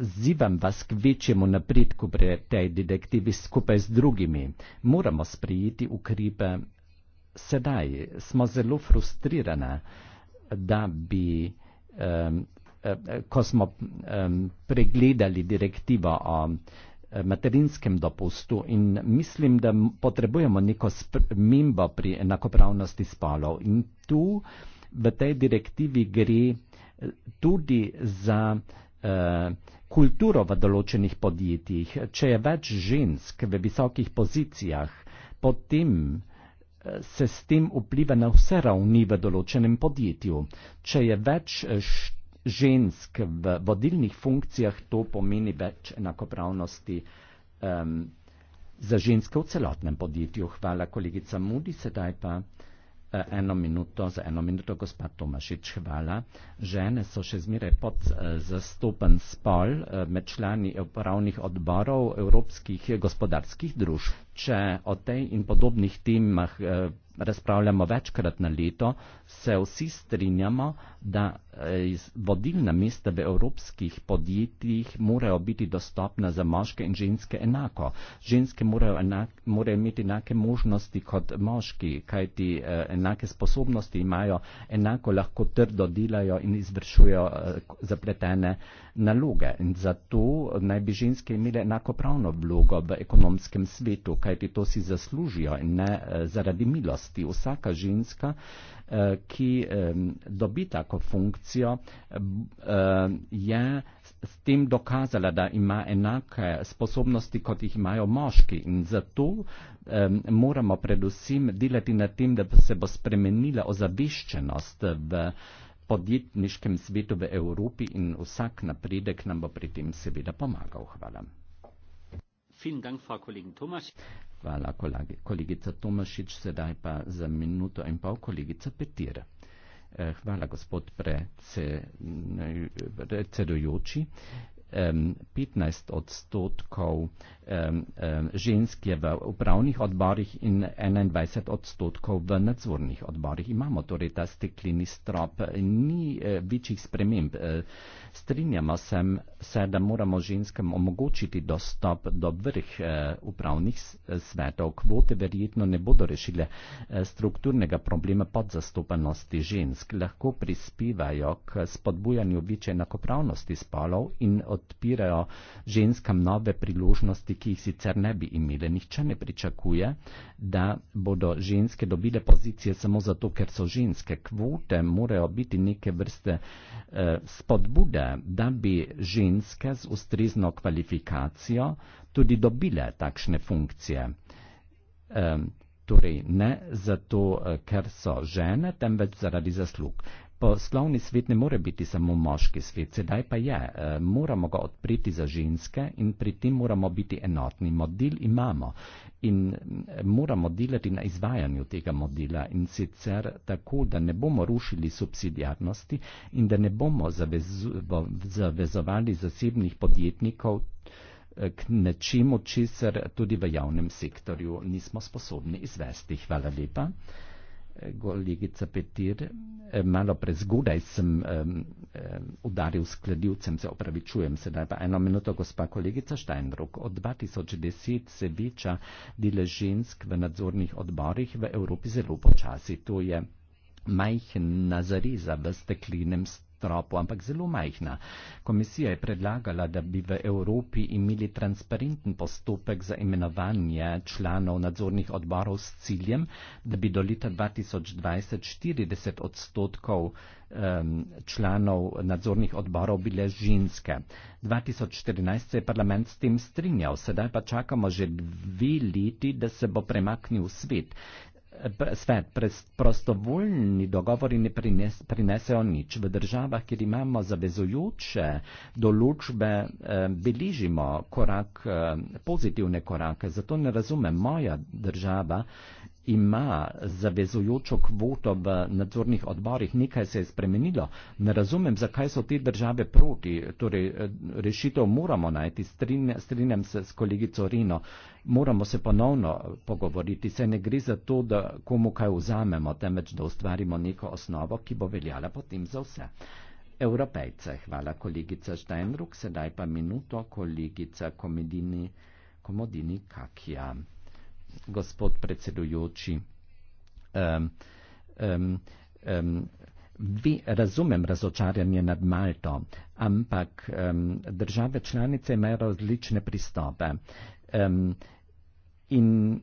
Zivam vas k večjemu napredku pri tej detektivi skupaj z drugimi. Moramo sprejeti ukrepe sedaj smo zelo frustrirane, da bi, ko smo pregledali direktivo o materinskem dopustu in mislim, da potrebujemo neko spremembo pri enakopravnosti spolov. In tu v tej direktivi gre eh, tudi za eh, kulturo v določenih podjetjih. Če je več žensk v visokih pozicijah, potem se s tem vpliva na vse ravni v določenem podjetju. Če je več eh, žensk v vodilnih funkcijah, to pomeni več enakopravnosti um, za ženske v celotnem podjetju. Hvala, kolegica Mudi, sedaj pa. Eh, eno minuto, za eno minuto, gospod Tomašič, hvala. Žene so še zmeraj pod eh, zastopen spol eh, med člani upravnih odborov evropskih gospodarskih družb. Če o tej in podobnih temah razpravljamo večkrat na leto, se vsi strinjamo, da Eh, vodilna mesta v evropskih podjetjih morajo biti dostopna za moške in ženske enako. Ženske morajo, enak, morajo imeti enake možnosti kot moški, kajti eh, enake sposobnosti imajo, enako lahko trdo delajo in izvršujejo eh, zapletene naloge. In zato naj bi ženske imele enako pravno vlogo v ekonomskem svetu, kajti to si zaslužijo in ne zaradi milosti. Vsaka ženska Eh, ki dobi tako funkcijo, je s tem dokazala, da ima enake sposobnosti, kot jih imajo moški. In zato moramo predvsem delati na tem, da se bo spremenila ozaveščenost v podjetniškem svetu v Evropi in vsak napredek nam bo pri tem seveda pomagal. Hvala. Hvala, kolegica Tomašič. Sedaj pa za minuto in pol kolegica Petir. Eh, hvala, gospod predsedujoči. 15 odstotkov žensk je v upravnih odborih in 21 odstotkov v nadzornih odborih. Imamo torej ta steklini strop, eh, ni eh, večjih sprememb. Eh, strinjamo sem se, da moramo ženskem omogočiti dostop do vrh upravnih svetov. Kvote verjetno ne bodo rešile strukturnega problema podzastopanosti žensk. Lahko prispevajo k spodbujanju večje enakopravnosti spolov in od odpirajo ženskam nove priložnosti, ki jih sicer ne bi imele. Nihče ne pričakuje, da bodo ženske dobile pozicije samo zato, ker so ženske. Kvote morajo biti neke vrste eh, spodbude, da bi ženske z ustrezno kvalifikacijo tudi dobile takšne funkcije. Eh, torej ne zato, eh, ker so žene, temveč zaradi zaslug. Poslovni svet ne more biti samo moški svet, sedaj pa je. E, moramo ga odpreti za ženske in pri tem moramo biti enotni. Model imamo in eh, moramo delati na izvajanju tega modela in sicer tako, da ne bomo rušili subsidijarnosti in da ne bomo zavezovali zasebnih podjetnikov eh, k nečemu, česar tudi v javnem sektorju nismo sposobni izvesti. Hvala lepa kolegica Petir, eh, malo prezgodaj sem um, um, udaril s kladivcem, se opravičujem, sedaj pa eno minuto, gospa kolegica Steinbrück. Od 2010 se veča dele žensk v nadzornih odborih v Evropi zelo počasi. To je majhen nazariza v steklenem stolu tropu, ampak zelo majhna. Komisija je predlagala, da bi v Evropi imeli transparenten postopek za imenovanje članov nadzornih odborov s ciljem, da bi do leta 2020 40 odstotkov um, članov nadzornih odborov bile ženske. 2014 se je parlament s tem strinjal, sedaj pa čakamo že dve leti, da se bo premaknil svet svet, prostovoljni dogovori ne prines, prinesejo nič. V državah, kjer imamo zavezujoče določbe, eh, beležimo korak, eh, pozitivne korake. Zato ne razume moja država ima zavezujočo kvoto v nadzornih odborih, nekaj se je spremenilo. Ne razumem, zakaj so te države proti. Torej, eh, rešitev moramo najti. Strinjam se s kolegico Rino. Moramo se ponovno pogovoriti. Se ne gre za to, da komu kaj vzamemo, temveč da ustvarimo neko osnovo, ki bo veljala potem za vse. Evropejce. Hvala, kolegica Štajnruk. Sedaj pa minuto, kolegica Komodini, Komodini Kakija gospod predsedujoči. Um, um, um, vi razumem razočaranje nad Malto, ampak um, države članice imajo različne pristope. Um, in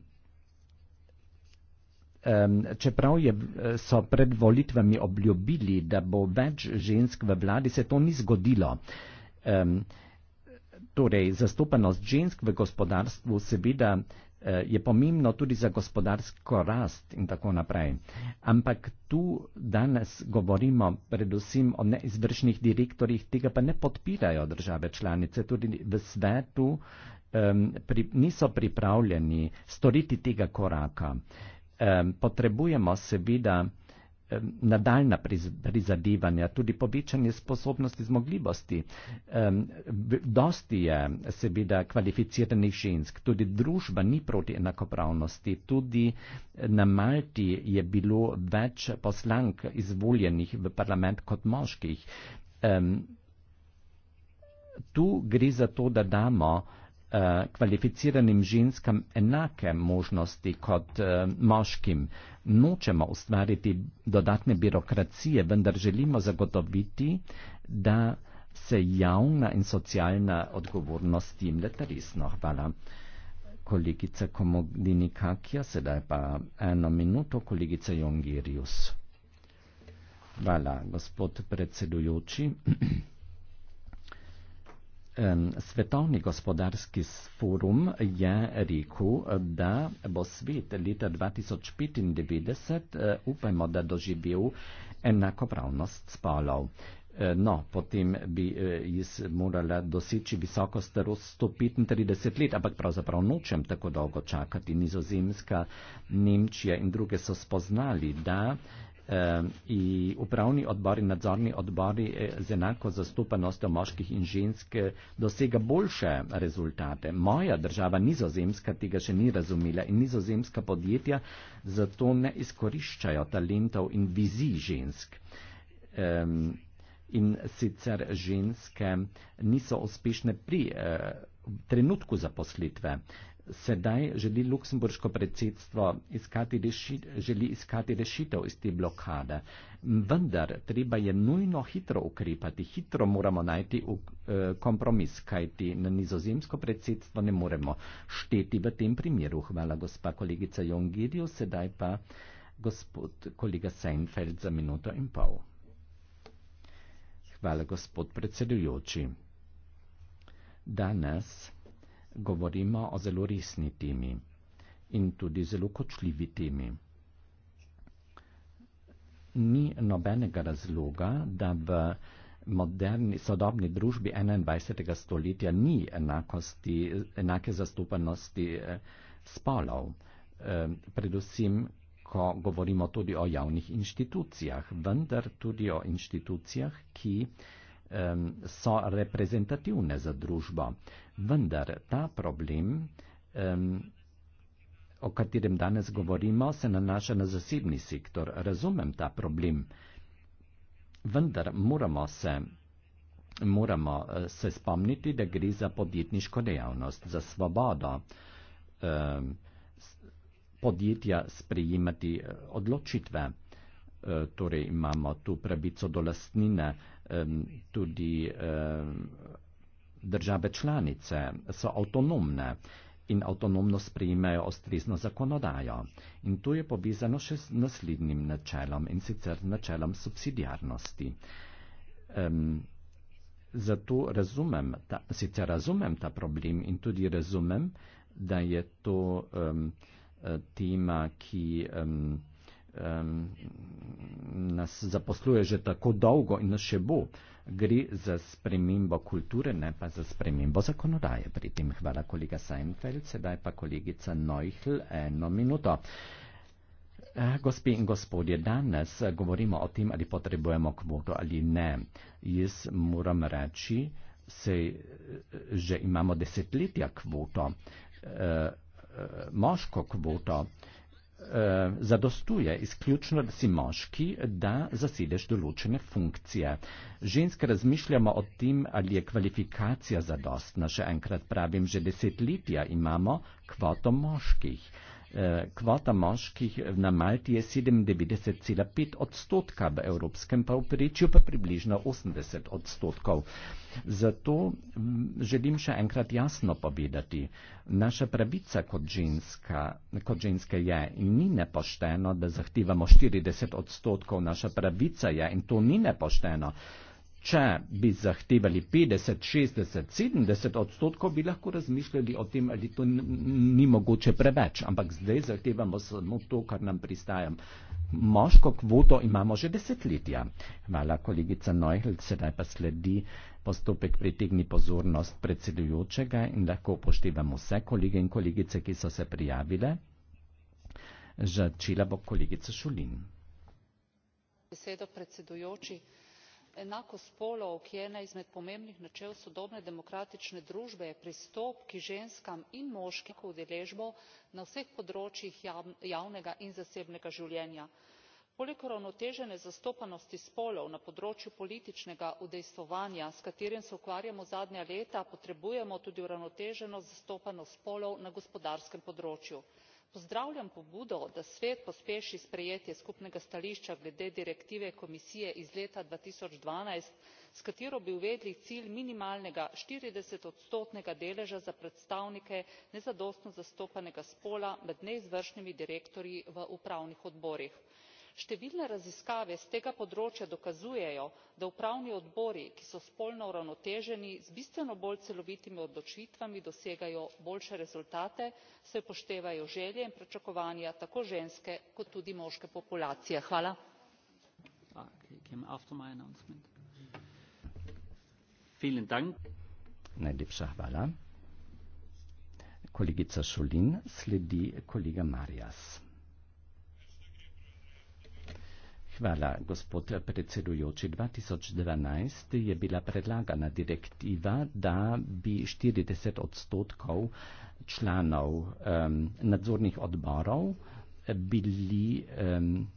um, čeprav je, so pred volitvami obljubili, da bo več žensk v vladi, se to ni zgodilo. Um, torej, zastopanost žensk v gospodarstvu seveda Eh, je pomembno tudi za gospodarsko rast in tako naprej. Ampak tu danes govorimo predvsem o neizvršnih direktorjih, tega pa ne podpirajo države članice, tudi v svetu um, pri, niso pripravljeni storiti tega koraka. Um, potrebujemo seveda, nadaljna prizadevanja, tudi povečanje sposobnosti zmogljivosti. Dosti je seveda kvalificiranih žensk, tudi družba ni proti enakopravnosti, tudi na Malti je bilo več poslank izvoljenih v parlament kot moških. Tu gre za to, da damo Eh, kvalificiranim ženskam enake možnosti kot eh, moškim. Nočemo ustvariti dodatne birokracije, vendar želimo zagotoviti, da se javna in socialna odgovornost jim leta resno. Hvala. Kolegica Komodini Kakija, sedaj pa eno minuto, kolegica Jongirius. Hvala, gospod predsedujoči. Svetovni gospodarski forum je rekel, da bo svet leta 2095, eh, upajmo, da doživel enakopravnost spolov. Eh, no, potem bi eh, jaz morala doseči visoko starost 135 let, ampak pravzaprav nočem tako dolgo čakati. Nizozemska, Nemčija in druge so spoznali, da Ehm, i upravni odbor in nadzorni odbor eh, z enako zastopanostjo moških in žensk eh, dosega boljše rezultate. Moja država nizozemska tega še ni razumela in nizozemska podjetja zato ne izkoriščajo talentov in vizij žensk. Ehm, in sicer ženske niso uspešne pri eh, trenutku zaposlitve. Sedaj želi luksemburško predsedstvo iskati, reši, iskati rešitev iz te blokade, vendar treba je nujno hitro ukrepati, hitro moramo najti v, eh, kompromis, kajti na nizozemsko predsedstvo ne moremo šteti v tem primeru. Hvala gospa kolegica Jongirjo, sedaj pa gospod kolega Seinfeld za minuto in pol. Hvala gospod predsedujoči. Danes govorimo o zelo resni temi in tudi zelo kočljivi temi. Ni nobenega razloga, da v moderni, sodobni družbi 21. stoletja ni enakosti, enake zastopanosti eh, spolov, eh, predvsem, ko govorimo tudi o javnih inštitucijah, vendar tudi o inštitucijah, ki so reprezentativne za družbo. Vendar ta problem, o katerem danes govorimo, se nanaša na zasebni sektor. Razumem ta problem. Vendar moramo se, moramo e, se spomniti, da gre za podjetniško dejavnost, za svobodo podjetja sprejemati e, odločitve. E, torej imamo tu pravico do lastnine, tudi države članice so avtonomne in avtonomno sprejmejo ustrezno zakonodajo. In to je povezano še z naslednjim načelom in sicer načelom subsidiarnosti. Um, zato razumem ta, sicer razumem ta problem in tudi razumem, da je to um, tema, ki um, um, nas zaposluje že tako dolgo in nas še bo. Gre za spremembo kulture, ne pa za spremembo zakonodaje. Pri tem hvala kolega Seinfeld, sedaj pa kolegica Neuchl eno minuto. Eh, Gospi in gospodje, danes govorimo o tem, ali potrebujemo kvoto ali ne. Jaz moram reči, sej, eh, že imamo desetletja kvoto, eh, moško kvoto eh, zadostuje isključno, da si moški, da zasedeš določene funkcije. Ženske razmišljamo o tem, ali je kvalifikacija zadostna. Še enkrat pravim, že desetletja imamo kvoto moških. Eh, kvota moških na Malti je 97,5 odstotka, v evropskem pa v prečju pa približno 80 odstotkov. Zato mm, želim še enkrat jasno povedati, naša pravica kot, ženska, kot ženske je in ni nepošteno, da zahtevamo 40 odstotkov, naša pravica je in to ni nepošteno. Če bi zahtevali 50, 60, 70 odstotkov, bi lahko razmišljali o tem, ali to ni mogoče preveč. Ampak zdaj zahtevamo samo to, kar nam pristaja. Moško kvoto imamo že desetletja. Hvala, kolegica Neuhl. Sedaj pa sledi postopek pritegni pozornost predsedujočega in lahko upoštevamo vse kolege in kolegice, ki so se prijavile. Začela bo kolegica Šulin. Besedo predsedujoči enakost spolov ki je ena izmed pomembnih načel sodobne demokratične družbe je pristop ki ženskam in moškim omogoča enako udeležbo na vseh področjih javnega in zasebnega življenja. poleg uravnotežene zastopanosti spolov na področju političnega udejstvovanja s katerim se ukvarjamo zadnja leta potrebujemo tudi uravnoteženo zastopanost spolov na gospodarskem področju pozdravljam pobudo da svet pospeši sprejetje skupnega stališča glede direktive komisije iz leta dva tisoč dvanajst s katero bi uvedli cilj minimalnega štirideset odstotnega deleža za predstavnike nezadostno zastopanega spola med neizvršnimi direktorji v upravnih odborih številne raziskave s tega področja dokazujejo da upravni odbori ki so spolno uravnoteženi z bistveno bolj celovitimi odločitvami dosegajo boljše rezultate saj upoštevajo želje in pričakovanja tako ženske kot tudi moške populacije. Hvala, gospod predsedujoči. 2012 je bila predlagana direktiva, da bi 40 odstotkov članov um, nadzornih odborov bili, um,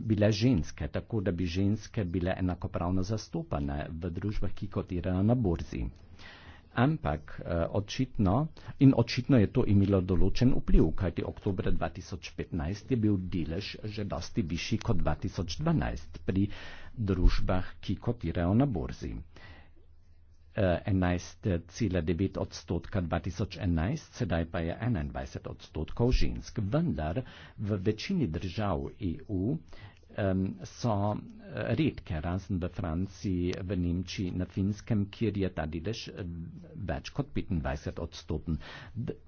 bile ženske, tako da bi ženske bile enakopravno zastopane v družbah, ki kotirajo na borzi ampak uh, očitno in očitno je to imelo določen vpliv, kajti oktober 2015 je bil delež že dosti višji kot 2012 pri družbah, ki kotirajo na borzi. 11,9 eh, odstotka 2011, sedaj pa je 21 odstotkov žensk. Vendar v večini držav EU um, so eh, redke, razen v Franciji, v Nemčiji, na Finskem, kjer je ta delež eh, več kot 25 odstoten.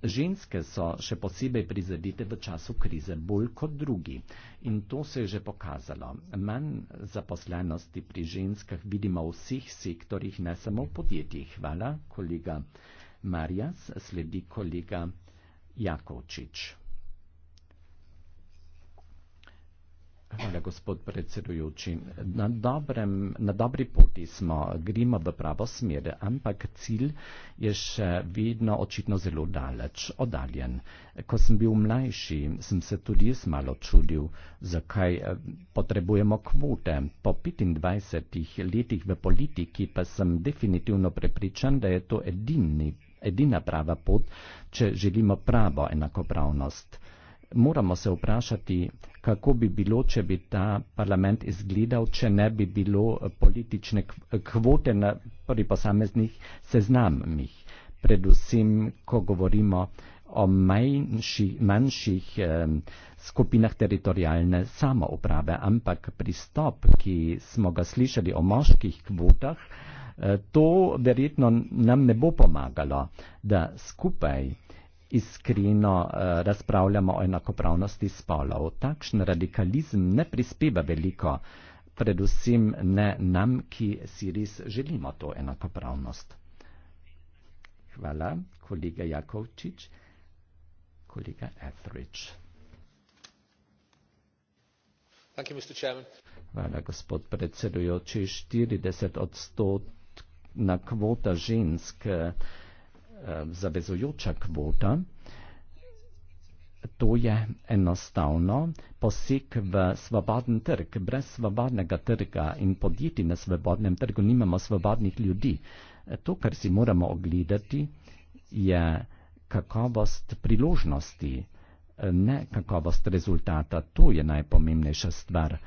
Ženske so še posebej prizadete v času krize, bolj kot drugi. In to se je že pokazalo. Manj zaposlenosti pri ženskah vidimo v vseh sektorjih, ne samo v podjetjih. Hvala, kolega Marjas, sledi kolega Jakovčič. Hvala, gospod predsedujoči. Na, dobrem, na dobri poti smo, gremo v pravo smer, ampak cilj je še vedno očitno zelo daleč, oddaljen. Ko sem bil mlajši, sem se tudi jaz malo čudil, zakaj eh, potrebujemo kvote. Po 25 letih v politiki pa sem definitivno prepričan, da je to edini, edina prava pot, če želimo pravo enakopravnost moramo se vprašati, kako bi bilo, če bi ta parlament izgledal, če ne bi bilo eh, politične eh, kvote na pri posameznih seznamih. Predvsem, ko govorimo o manjši, manjših eh, skupinah teritorijalne samouprave, ampak pristop, ki smo ga slišali o moških kvotah, eh, to verjetno nam ne bo pomagalo, da skupaj iskreno uh, razpravljamo o enakopravnosti spolov. Takšen radikalizem ne prispeva veliko, predvsem ne nam, ki si res želimo to enakopravnost. Hvala, kolega Jakovčič, kolega Etheridge. Thank you, Mr. Chairman. Hvala, gospod predsedujoči. 40 odstotna kvota žensk. Uh, Eh, zavezujoča kvota, to je enostavno poseg v svoboden trg. Brez svobodnega trga in podjetij na svobodnem trgu nimamo svobodnih ljudi. Eh, to, kar si moramo ogledati, je kakovost priložnosti, eh, ne kakovost rezultata. To je najpomembnejša stvar.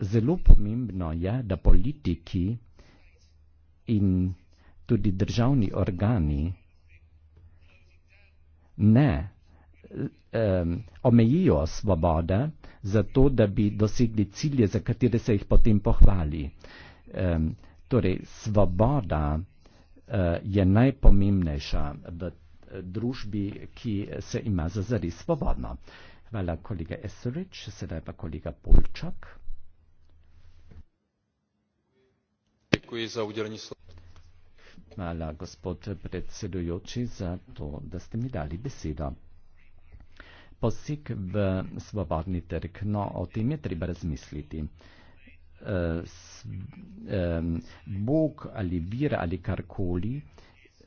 Zelo pomembno je, da politiki in tudi državni organi ne um, omejijo svobode, zato da bi dosegli cilje, za katere se jih potem pohvali. Um, torej, svoboda uh, je najpomembnejša v eh, družbi, ki se ima za zari svobodno. Hvala kolega Esurič, sedaj pa kolega Polčak. Děkuji za udělení slova. Hvala, gospod predsedujoči, za to, da ste mi dali besedo. Posik v svobodni trg, no, o tem je treba razmisliti. Eh, bog ali vir ali karkoli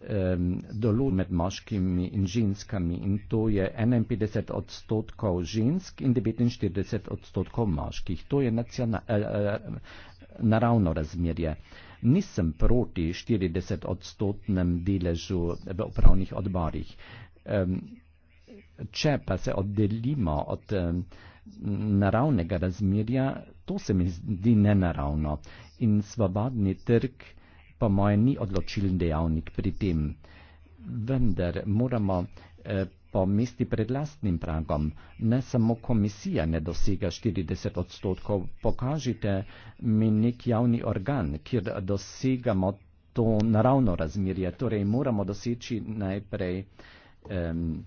določ med moškimi in ženskami in to je 51 odstotkov žensk in 49 odstotkov moških. To je eh, eh, naravno razmerje nisem proti 40 odstotnem deležu v upravnih odborih. Če pa se oddelimo od naravnega razmerja, to se mi zdi nenaravno in svobodni trg po mojem ni odločilni dejavnik pri tem. Vendar moramo eh, pomisti pred lastnim pragom. Ne samo komisija ne dosega 40 odstotkov, pokažite mi nek javni organ, kjer dosegamo to naravno razmerje. Torej moramo doseči najprej, um,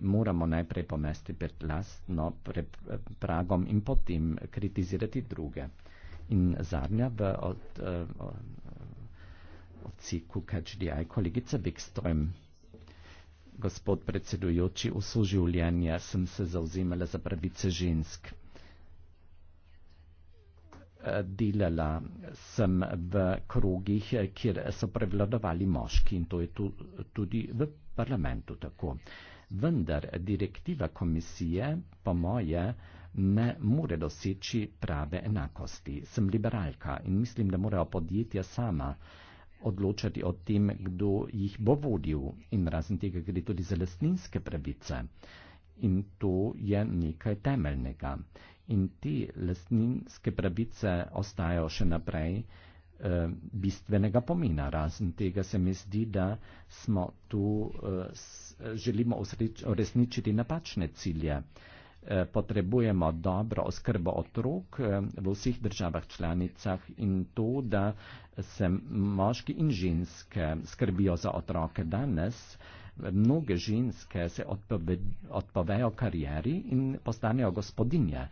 moramo najprej pomesti pred lastno pred pragom in potem kritizirati druge. In zadnja v od, uh, od ciku KGDI, kolegica Bikstrom gospod predsedujoči, vso življenje sem se zauzemala za pravice žensk. Eh, delala sem v krogih, kjer so prevladovali moški in to je tu, tudi v parlamentu tako. Vendar direktiva komisije, po moje, ne more doseči prave enakosti. Sem liberalka in mislim, da morajo podjetja sama uh, odločati o tem, kdo jih bo vodil. In razen tega gre tudi za lastninske pravice. In to je nekaj temeljnega. In te lastninske pravice ostajajo še naprej eh, bistvenega pomena. Razen tega se mi zdi, da smo tu, eh, s, želimo uresničiti napačne cilje. Eh, Eh, potrebujemo dobro oskrbo otrok eh, v vseh državah članicah in to, da se moški in ženske skrbijo za otroke danes. Eh, mnoge ženske se odpovejo karieri in postanejo gospodinje.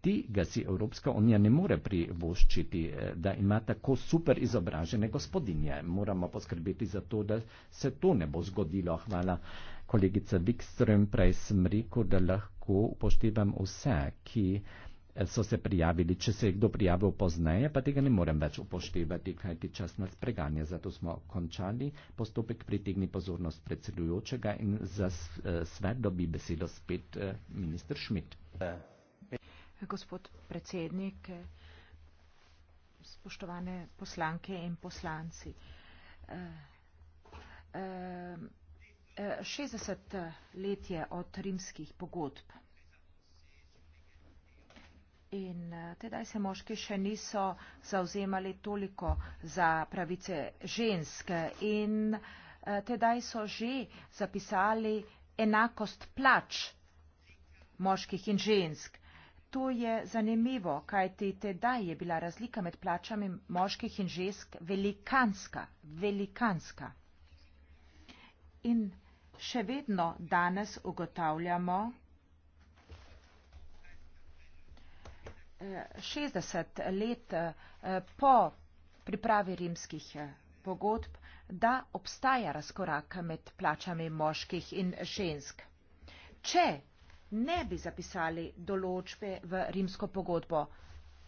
Tega si Evropska unija ne more privoščiti, da ima tako super izobražene gospodinje. Moramo poskrbeti za to, da se to ne bo zgodilo. Hvala kolegica Wikström, prej sem rekel, da lahko lahko upoštevam vse, ki eh, so se prijavili. Če se je kdo prijavil pozneje, pa tega ne morem več upoštevati, kajti čas nas preganja. Zato smo končali postopek pritegni pozornost predsedujočega in za eh, svet dobi besedo spet eh, minister Šmit. Gospod predsednik, spoštovane poslanke in poslanci. Uh, uh, 60 let je od rimskih pogodb. In tedaj se moški še niso zauzemali toliko za pravice ženske. In tedaj so že zapisali enakost plač moških in žensk. To je zanimivo, kajti tedaj je bila razlika med plačami moških in žensk velikanska. velikanska. In še vedno danes ugotavljamo 60 eh, let eh, po pripravi rimskih eh, pogodb, da obstaja razkorak med plačami moških in žensk. Če ne bi zapisali določbe v rimsko pogodbo,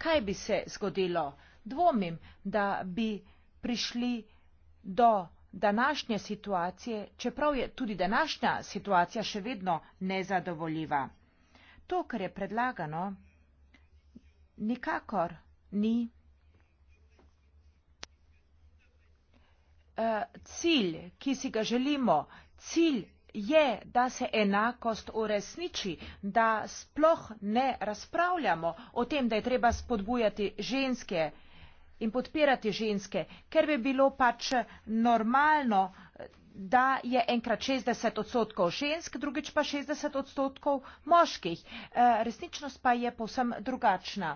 kaj bi se zgodilo? Dvomim, da bi prišli do današnje situacije, čeprav je tudi današnja situacija še vedno nezadovoljiva. To, kar je predlagano, nikakor ni e, cilj, ki si ga želimo. Cilj je, da se enakost uresniči, da sploh ne razpravljamo o tem, da je treba spodbujati ženske in podpirati ženske, ker bi bilo pač normalno, da je enkrat 60 odstotkov žensk, drugič pa 60 odstotkov moških. Eh, resničnost pa je povsem drugačna.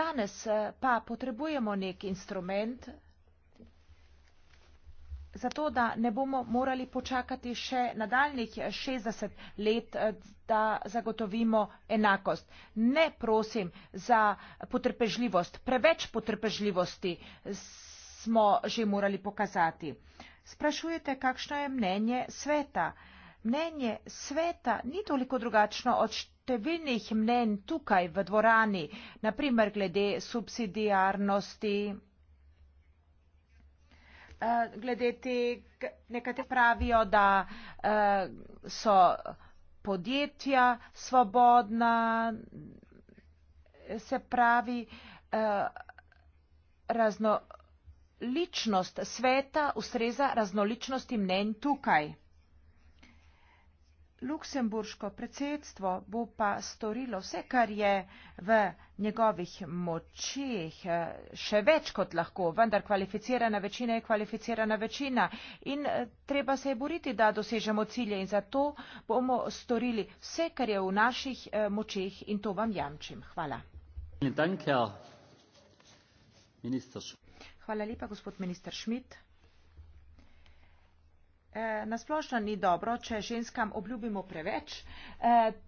Danes eh, pa potrebujemo nek instrument, zato da ne bomo morali počakati še nadaljnih 60 let, eh, da zagotovimo enakost. Ne prosim za potrpežljivost, preveč potrpežljivosti smo že morali pokazati. Sprašujete, kakšno je mnenje sveta? Mnenje sveta ni toliko drugačno od številnih mnen tukaj v dvorani, naprimer glede subsidijarnosti Eh, glede te, nekateri pravijo, da uh, so podjetja svobodna, se pravi uh, razno. Ličnost sveta ustreza raznoličnosti mnen tukaj. Luksemburško predsedstvo bo pa storilo vse, kar je v njegovih močeh, eh, še več kot lahko, vendar kvalificirana večina je kvalificirana večina in eh, treba se je boriti, da dosežemo cilje in zato bomo storili vse, kar je v naših eh, močeh in to vam jamčim. Hvala. Hvala lepa, gospod minister Schmidt. Eh, Nasplošno ni dobro, če ženskam obljubimo preveč. Eh,